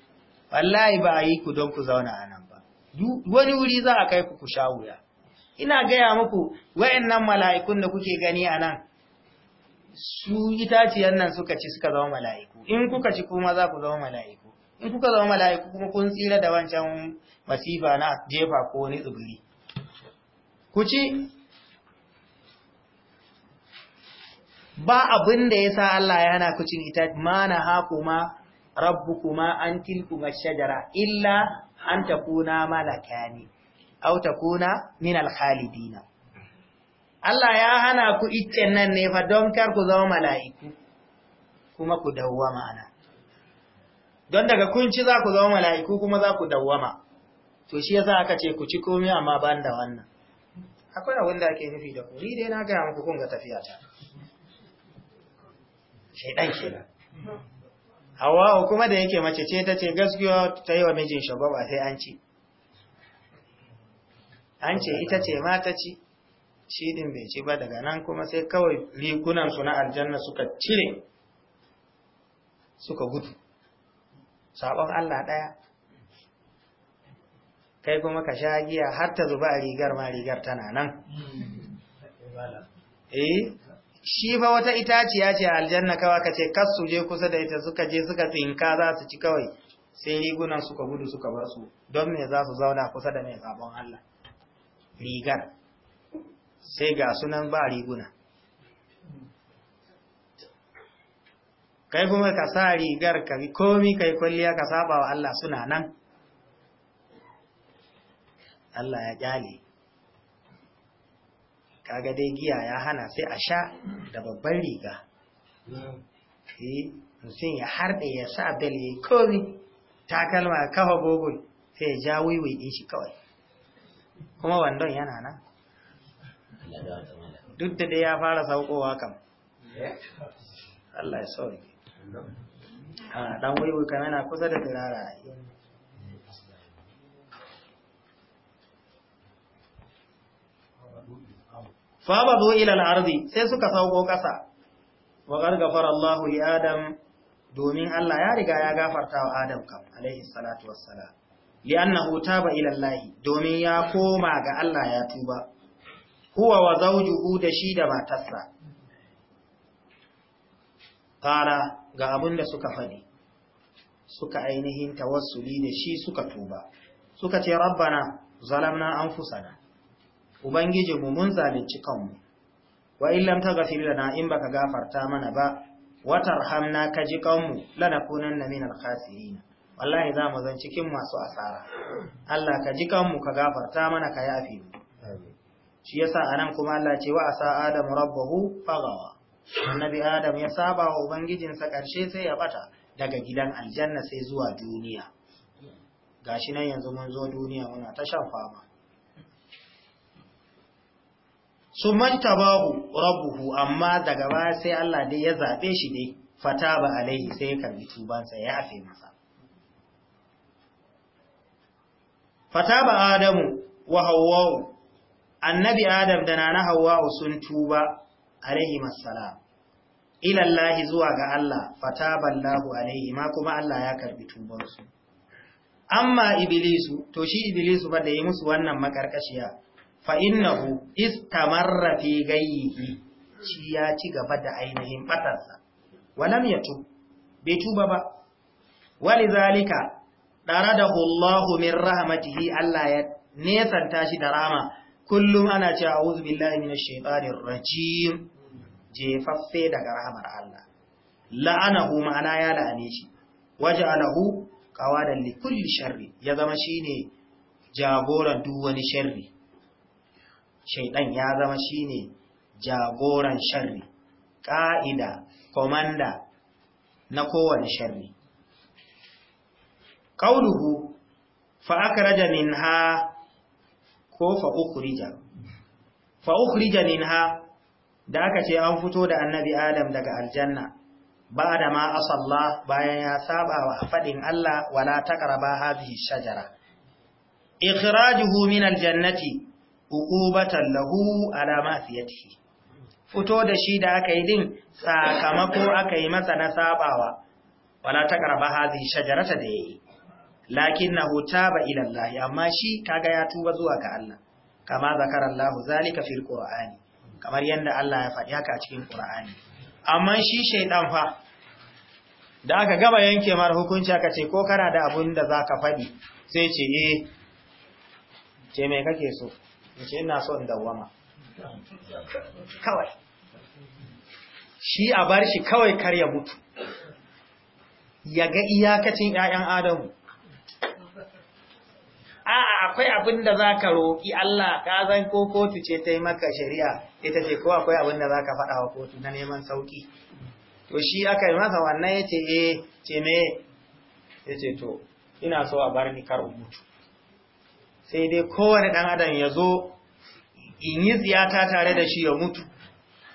wallahi ba a yi ku don ku zauna a nan ba wani wuri za a kai ku ku sha wuya ina gaya muku wa'annan mala'ikun da kuke gani a nan su itaciyar nan suka ci suka zama mala'iku in kuka ci kuma za ku zama mala'iku in kuka zama mala'iku kuma kun tsira da wancan masifa na jefa ko wani tsibiri ku ci ba abin da ya sa Allah ya hana ku cin itaci mana hakuma kuma an tilkuma shajara illa an takuna malakani aw takuna min al-khalidina Allah ya hana ku icce nan ne fa don kar ku zama mala'iku kuma ku dawwama na don daga kun ci za ku zama mala'iku kuma za ku dawwama to shi yasa aka ce ku ci komai amma ban da wannan akwai abin da ake nufi da ku ni dai na gaya muku kun ga tafiya ta ke nan. hawa kuma da yake mace ce ta ce gaskiya ta yi wa mijin shagwaba sai an ce. an ce ita ce mata ci shi din bai ci ba daga nan kuma sai kawai rigunan na aljanna suka cire suka gudu sabon Allah ɗaya kai kuma ka sha giya har ta zuba a rigar ma rigar tana nan eh shi ba wata itaciya ce aljanna kawa ka ce kas su je kusa da ita suka je suka tsinka za su ci kawai sai rigunan suka gudu suka bar su don me za su zauna kusa da mai sabon Allah rigar sai ga sunan ba riguna kai kuma ka sa rigar ka bi komi kai kwalliya ka saba wa Allah suna nan Allah ya kyale kaga dai giya ya hana sai a sha da babban riga eh, mutum ya harɗe ya sa bel ya komi takalma kafa gogul sai ya ja wiwi ɗin shi kawai kuma wandon yana nan duk da dai ya fara saukowa kan Allah ya sauri a dan waiwai kan yana kusa da turara faba zo ilal arzi sai suka sauko ƙasa wa gargafar Allahu li Adam domin Allah ya riga ya gafarta wa Adam kam alaihi salatu wassalam annahu taba ila Allah domin ya koma ga Allah ya tuba huwa wa zawjuhu da shi da matarsa Kara ga abin da suka faɗi suka ainihin tawassuli da shi suka tuba suka ce rabbana zalamna anfusana ubangije mu mun zalunci kanmu wa illam taghfir lana in baka gafarta mana ba wa na ka ji kanmu lanakunanna minal khasirin wallahi za mu zan cikin masu asara Allah ka ji kanmu ka gafarta mana ka yafi mu shi yasa anan kuma Allah ce wa asa adam rabbahu fagawa annabi adam ya saba wa ubangijinsa karshe sai ya bata daga gidan aljanna sai zuwa duniya gashi nan yanzu mun zo duniya muna ta shan fama sun manta babu rabbuhu amma daga baya sai Allah dai ya zaɓe shi dai fata ba alaihi sai ya karbi tubansa ya afe masa fata ba adamu wa hawwa'u annabi adam da nana hawa'u sun tuba alaihi masala ilallahi zuwa ga Allah Fata, ballahu alaihi ma kuma Allah ya karbi tubansu amma iblisu to shi iblisu ba da yi musu wannan makarkashiya fa innahu istamarra fi gayyihi shi ya ci gaba da ainihin batarsa walam tu, bai tuba ba walizalika darada Allah min rahmatihi Allah ya nesanta shi da rama kullum ana ce wuzu billahi minash shaitanir rajim jefaffe daga rahamar Allah la'anahu ma'ana ya la'ane shi waje alahu kawa da kulli sharri ya zama shine jagoran duk wani sharri shaidan ya zama shine jagoran sharri ƙa'ida komanda na kowane sharri ƙaunuhu fa akraja minha ko fa'ukhrija fa'ukhrija minha da aka ce an fito da annabi adam daga aljanna ba da ma asalla bayan ya saba wa faɗin Allah wala ba hadhihi shajara ikhrajuhu min aljannati uqubatan lahu ala fito da shi da aka yi din sakamako aka yi masa na sabawa wala ba hadhihi shajarata da yayi na taba ila Allah amma shi kaga ya tuba zuwa ga Allah kama zakar Allah zalika fil qur'ani kamar yanda Allah ya faɗi haka a cikin qur'ani amma shi shaydan fa da aka gaba yanke mar hukunci aka ce ko kana da abun da zaka faɗi sai ce eh ce me kake so ce ina so in dawama kawai shi a bar shi kawai kar ya mutu ya ga iyakacin ƴaƴan Adamu akwai abin da za ka roƙi Allah ka zan ko kotu ce ta yi maka shari'a ita ce ko akwai abin da za ka faɗa wa kotu na neman sauƙi to shi aka yi masa wannan ya ce e ce me ya ce to ina so a bar ni karo mutu sai dai kowane ɗan adam ya zo in yi tsiyata tare da shi ya mutu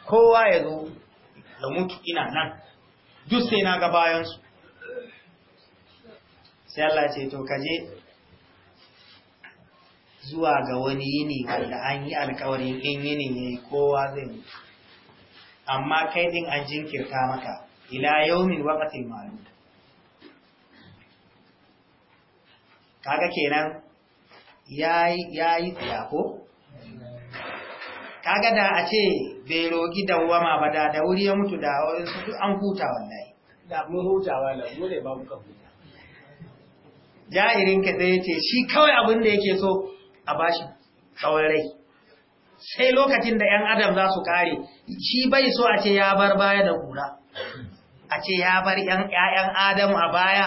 kowa ya zo ya mutu ina nan duk sai na ga bayansu sai Allah ce to kaje zuwa ga wani yini wanda an yi alkawarin in yini ne kowa zai mutu amma kai din an jinkirta maka ila yaumin waqtin ma'lum kaga kenan yayi yayi ko kaga da a ce bai rogi da dawwama ba da da wuri ya mutu da su an huta wallahi da mun hutawa wallahi mu ne ba mu ka huta jairin ka sai ce shi kawai abin da yake so a bashi tsawon rai sai lokacin da 'yan adam za su kare shi bai so a ce ya bar baya da kura a ce ya bar 'ya'yan adam a baya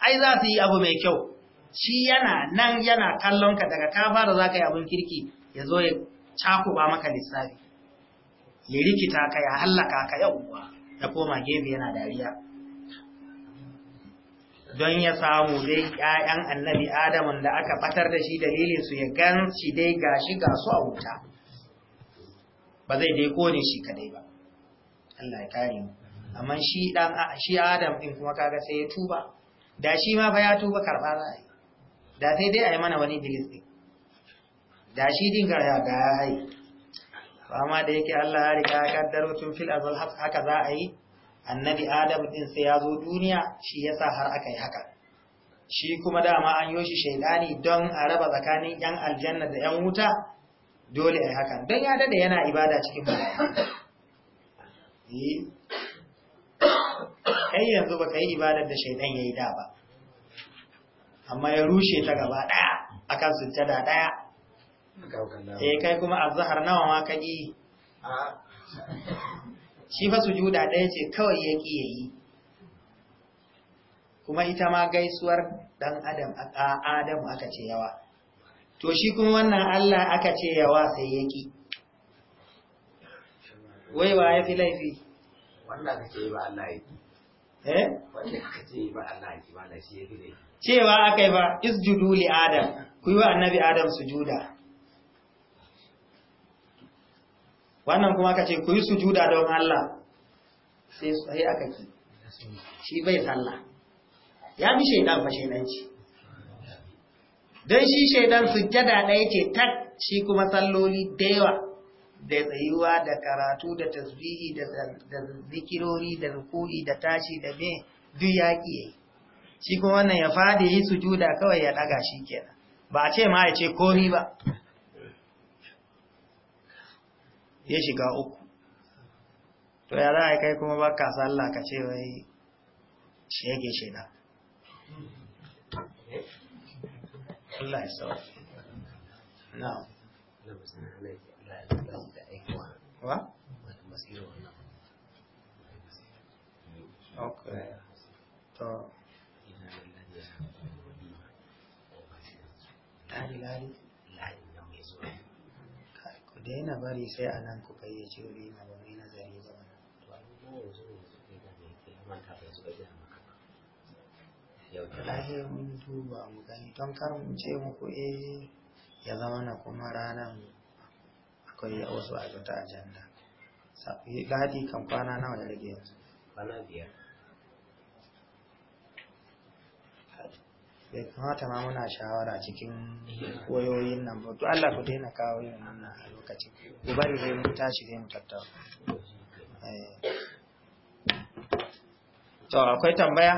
ai za su yi abu mai kyau shi yana nan yana kallon ka daga ka fara za ka yi abin kirki ya zo ya cakuba maka lissafi ya rikita ka ya hallaka ka yauwa ya koma gefe yana dariya don ya samu dai ƴaƴan annabi Adam da aka batar da shi dalilin su ya shi dai gashi ga su a wuta ba zai dai kone shi kadai ba Allah ya kare mu amma shi dan shi adam din kuma kaga sai ya tuba da shi ma fa ya tuba karba za a yi da sai dai a yi mana wani bilis din da shi din ga ya ga yi amma da yake Allah ya riga ya kaddaro tun fil azal haka za a yi annabi adam din sai ya zo duniya shi yasa har aka yi haka shi kuma dama an yoshi shaidani don a raba tsakanin yan aljanna da yan wuta dole a yi hakan don ya dade yana ibada cikin Eh kai yanzu ba yi ibadar da shaidan yayi yi da ba amma ya rushe ta gaba ɗaya a kan sujjada ɗaya eh kai kuma azahar nawa ma ka shi fa sujuda ɗaya ce kawai ya ƙi yi kuma ita ma gaisuwar ɗan adam a adam aka ce yawa to shi kuma wannan Allah aka ce yawa sai ya ƙi wai wa ya fi laifi wanda aka ce ba Allah ya ƙi eh wanda aka ce ba Allah ya ƙi ba da shi ya fi cewa aka yi ba isjudu li adam ku yi wa annabi adam sujuda wannan kuma ka ce ku yi sujuda don Allah sai su sai aka ki shi bai sallah ya bi shaidan fa shaidanci don shi shaidan sujjada ɗaya ce tak shi kuma salloli da yawa da tsayuwa da karatu da tasbihi da zikirori da rukuri da tashi da bin duk yaƙi kiye shi kuma wannan ya fadi yi sujuda kawai ya ɗaga shi kenan ba a ce ma ya ce kori ba ya shiga uku to ya za a kai kuma ba ka sallah ka ce wai shege shida Allah ya sau na wa? ok To. Lari lari. da yana bari sai a nan ku kayyace wuri na ba mai nazari ba ba to a yi yau ya zo ya zo ya gaje ke amma ta ba zuwa ji a maka ba yau ta lahi ya mun duba mu gani don kar mu ce muku eh ya zama na kuma ranar akwai wasu ajiyar ta ajiyar da lahadi kan kamfana nawa da rage yanzu kwana biyar bai kamata ma muna shawara cikin wayoyin nan ba to Allah ku daina kawo yin wannan a lokacin ku bari zai mu tashi zai mu tattauna eh. to akwai tambaya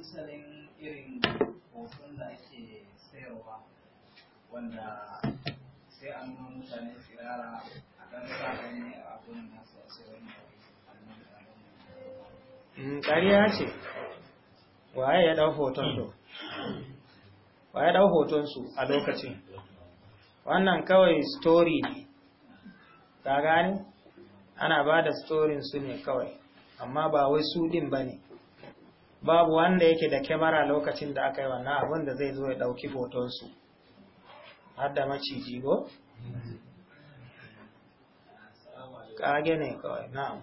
isalin irin hoton da ake sayarwa wanda sai an nuna mutane tsirara a kan sa ne a abun nasu a sayarwa Mm, ƙariya ce waye ya ɗau hoton to waye ɗau hotonsu a lokacin wannan kawai story ne ta gani ana ba da storin su ne kawai amma ba wai su din ba ne babu wanda yake da kyamara lokacin da aka yi wannan abin da zai zo ya ɗauki hoton su har da maciji go? kage ne kawai na'am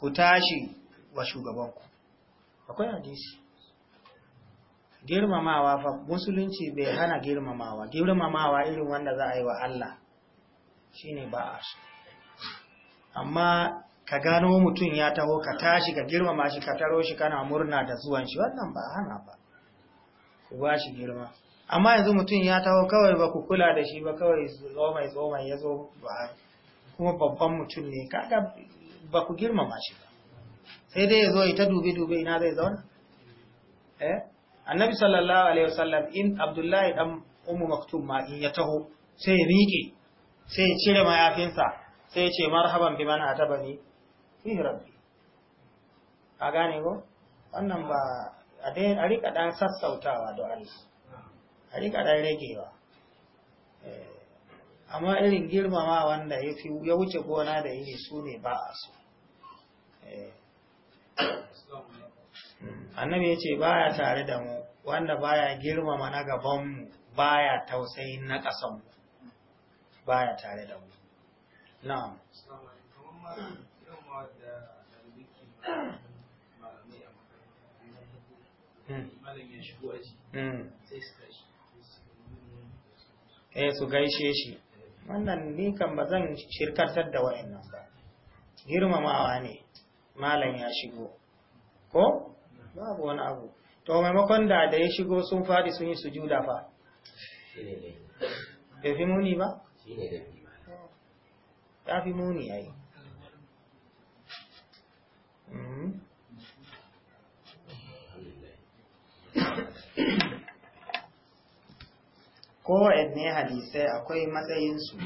ku tashi wa shugabanku akwai hadisi girmamawa fa musulunci bai hana girmamawa girmamawa irin wanda za a yi wa Allah shine ba a so amma ka gano mutum ya taho ka tashi ka girmama shi ka taro shi kana murna da zuwan shi wannan ba hana ba ku ba shi girma amma yanzu mutum ya taho kawai ba ku kula da shi ba kawai zo mai zo mai ya zo ba kuma babban mutum ne kaga ba ku girmama shi ba sai dai ya zo ya ta dube-dube ina zai zauna eh annabi sallallahu alaihi wasallam in abdullahi dan ummu maktum ma in ya taho sai ya rike sai ya cire mayafinsa sai ya ce marhaban bi man atabani fi rabbi a gane ko wannan ba a rika dan sassautawa da Allah a rika dan ragewa eh, amma irin girmama wanda ya wuce gona da yini su ne ba a so Eh. annabi ya ce baya tare da mu wanda baya girmama na gabanmu baya tausayin na ƙasanmu baya tare da mu na'am hmm. eh su gaishe shi wannan ni kan ba zan shirkatar da wa'annan ba girmamawa ne malam ya shigo ko babu wani abu to maimakon da da ya shigo sun faɗi sun yi sujuda fa bai fi muni ba ya fi muni ya yi mm. kowane hadisai akwai matsayinsu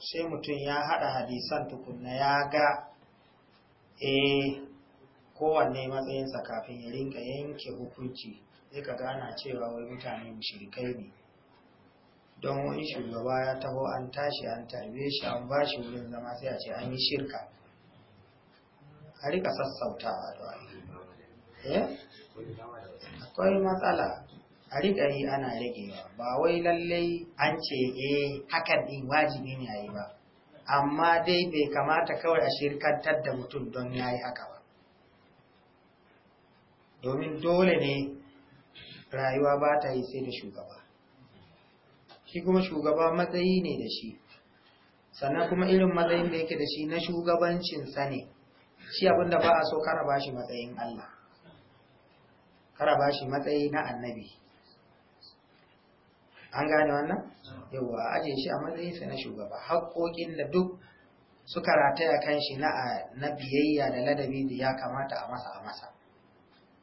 sai mutum ya haɗa hadisan tukunna ya ga eh kowanne matsayinsa kafin ya rinka yanke hukunci sai ka gana cewa wai mutane mushrikai ne don wani shugaba ya taho an tashi an tarbe shi an ba shi wurin zama sai a ce an yi shirka a rika a da wani eh? akwai matsala a rika yi ana ragewa ba wai lallai an ce eh hakan din wajibi ne a yi ba amma dai bai kamata kawai a shirkantar da mutum don ya yi haka ba domin dole ne rayuwa ba ta yi sai da shugaba shi kuma shugaba matsayi ne da shi sannan kuma irin matsayin da yake da shi na shugabancinsa ne shi abinda ba a so kara bashi matsayin Allah kara bashi matsayi na annabi an gane wannan yawa a aje shi a matsayin sa na shugaba haƙoƙin da duk suka rataya kan shi na biyayya da ladabi da ya kamata a masa a masa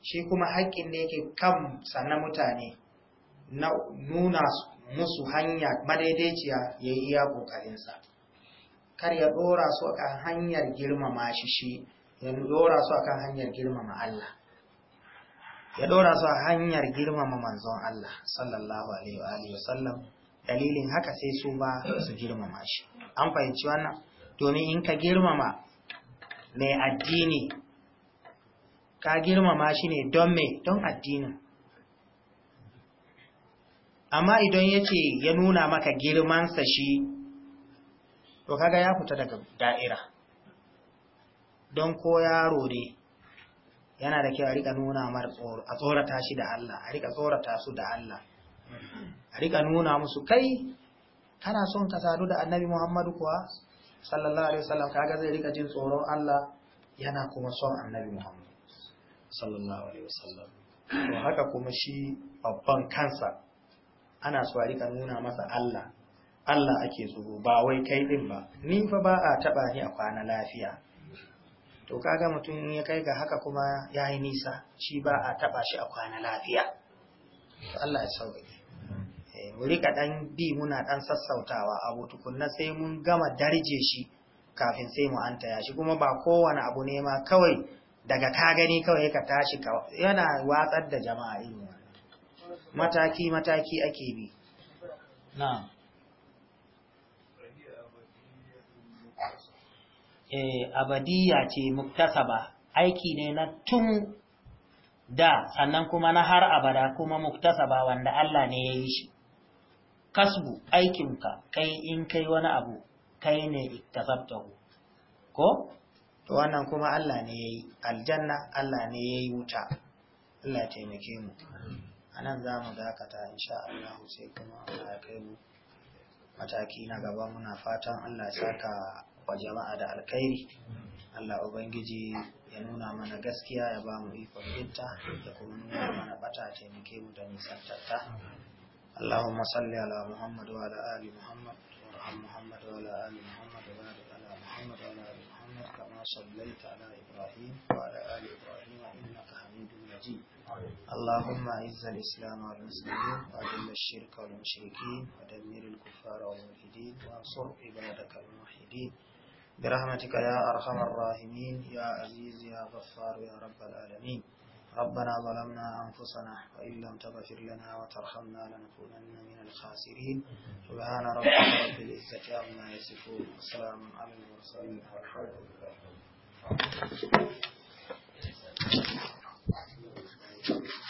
shi kuma haƙƙin da yake kan sannan mutane na nuna musu hanya madaidaiciya ya yi iya ƙoƙarinsa kar ya ɗora su kan hanyar girmama shi shi ya ɗora su akan hanyar girmama Allah ya ɗora su a hanyar girmama manzon Allah sallallahu alaihi wasallam dalilin haka sai su ba su girmama shi an fahimci wannan domin in ka girmama mai addini ka girmama shi ne don mai don addinin amma idan yace ya nuna maka girmansa shi to kaga ya fita daga da'ira don ko yaro ne yana da kyau a rika nuna mar a tsorata shi da Allah a rika tsorata su da Allah a rika nuna musu kai kana son ka sadu da annabi Muhammadu kuwa sallallahu alaihi wasallam kaga zai rika jin tsoron Allah yana kuma son annabi Muhammad sallallahu alaihi wasallam to haka kuma shi babban kansa ana so a rika nuna masa Allah Allah ake tsoro ba wai kai din ba ni fa ba a taba ni a kwana lafiya to kaga mutum ya kai ga haka kuma ya yi nisa shi ba a taba shi a kwana lafiya to Allah ya sauƙaƙe eh, mu rika ɗan bi muna ɗan sassautawa abu tukunna sai mun gama darje shi kafin sai mu an taya shi kuma ba kowane abu ne ma kawai daga ka gani kawai ka tashi yana watsar da jama'a irin mataki mataki ake bi na'am Eh, Abadiya ce muktasaba aiki ne na tun da sannan kuma na har abada kuma muktasaba wanda Allah ne ya yi shi kasbu aikinka kai in kai wani abu kai ne iktasabtahu ko to wannan kuma Allah ne ya yi aljanna Allah ne ya yi wuta Allah taimake mu anan za mu dakata insha Allah sai kuma Allah ya kai mu mataki na gaba muna fatan Allah ya saka wa jama'a da alkhairi Allah Ubangiji ya nuna mana gaskiya ya ba mu ikon binta da kuma nuna mana bata taimake mu da nisantarta Allahumma salli ala Muhammad wa ala ali Muhammad wa rahmat Muhammad wa ala ali Muhammad wa barik ala Muhammad wa ala ali Muhammad kama sallaita ala Ibrahim wa ala ali Ibrahim wa innaka Hamidum Majid اللهم أعز الإسلام والمسلمين وأذل الشرك والمشركين ودمر الكفار والملحدين وانصر عبادك الموحدين برحمتك يا أرحم الراحمين يا عزيز يا غفار يا رب العالمين ربنا ظلمنا أنفسنا وإن لم تغفر لنا وترحمنا لنكونن من الخاسرين سبحان ربك رب العزة عما يصفون السلام على المرسلين والحمد لله Thank you.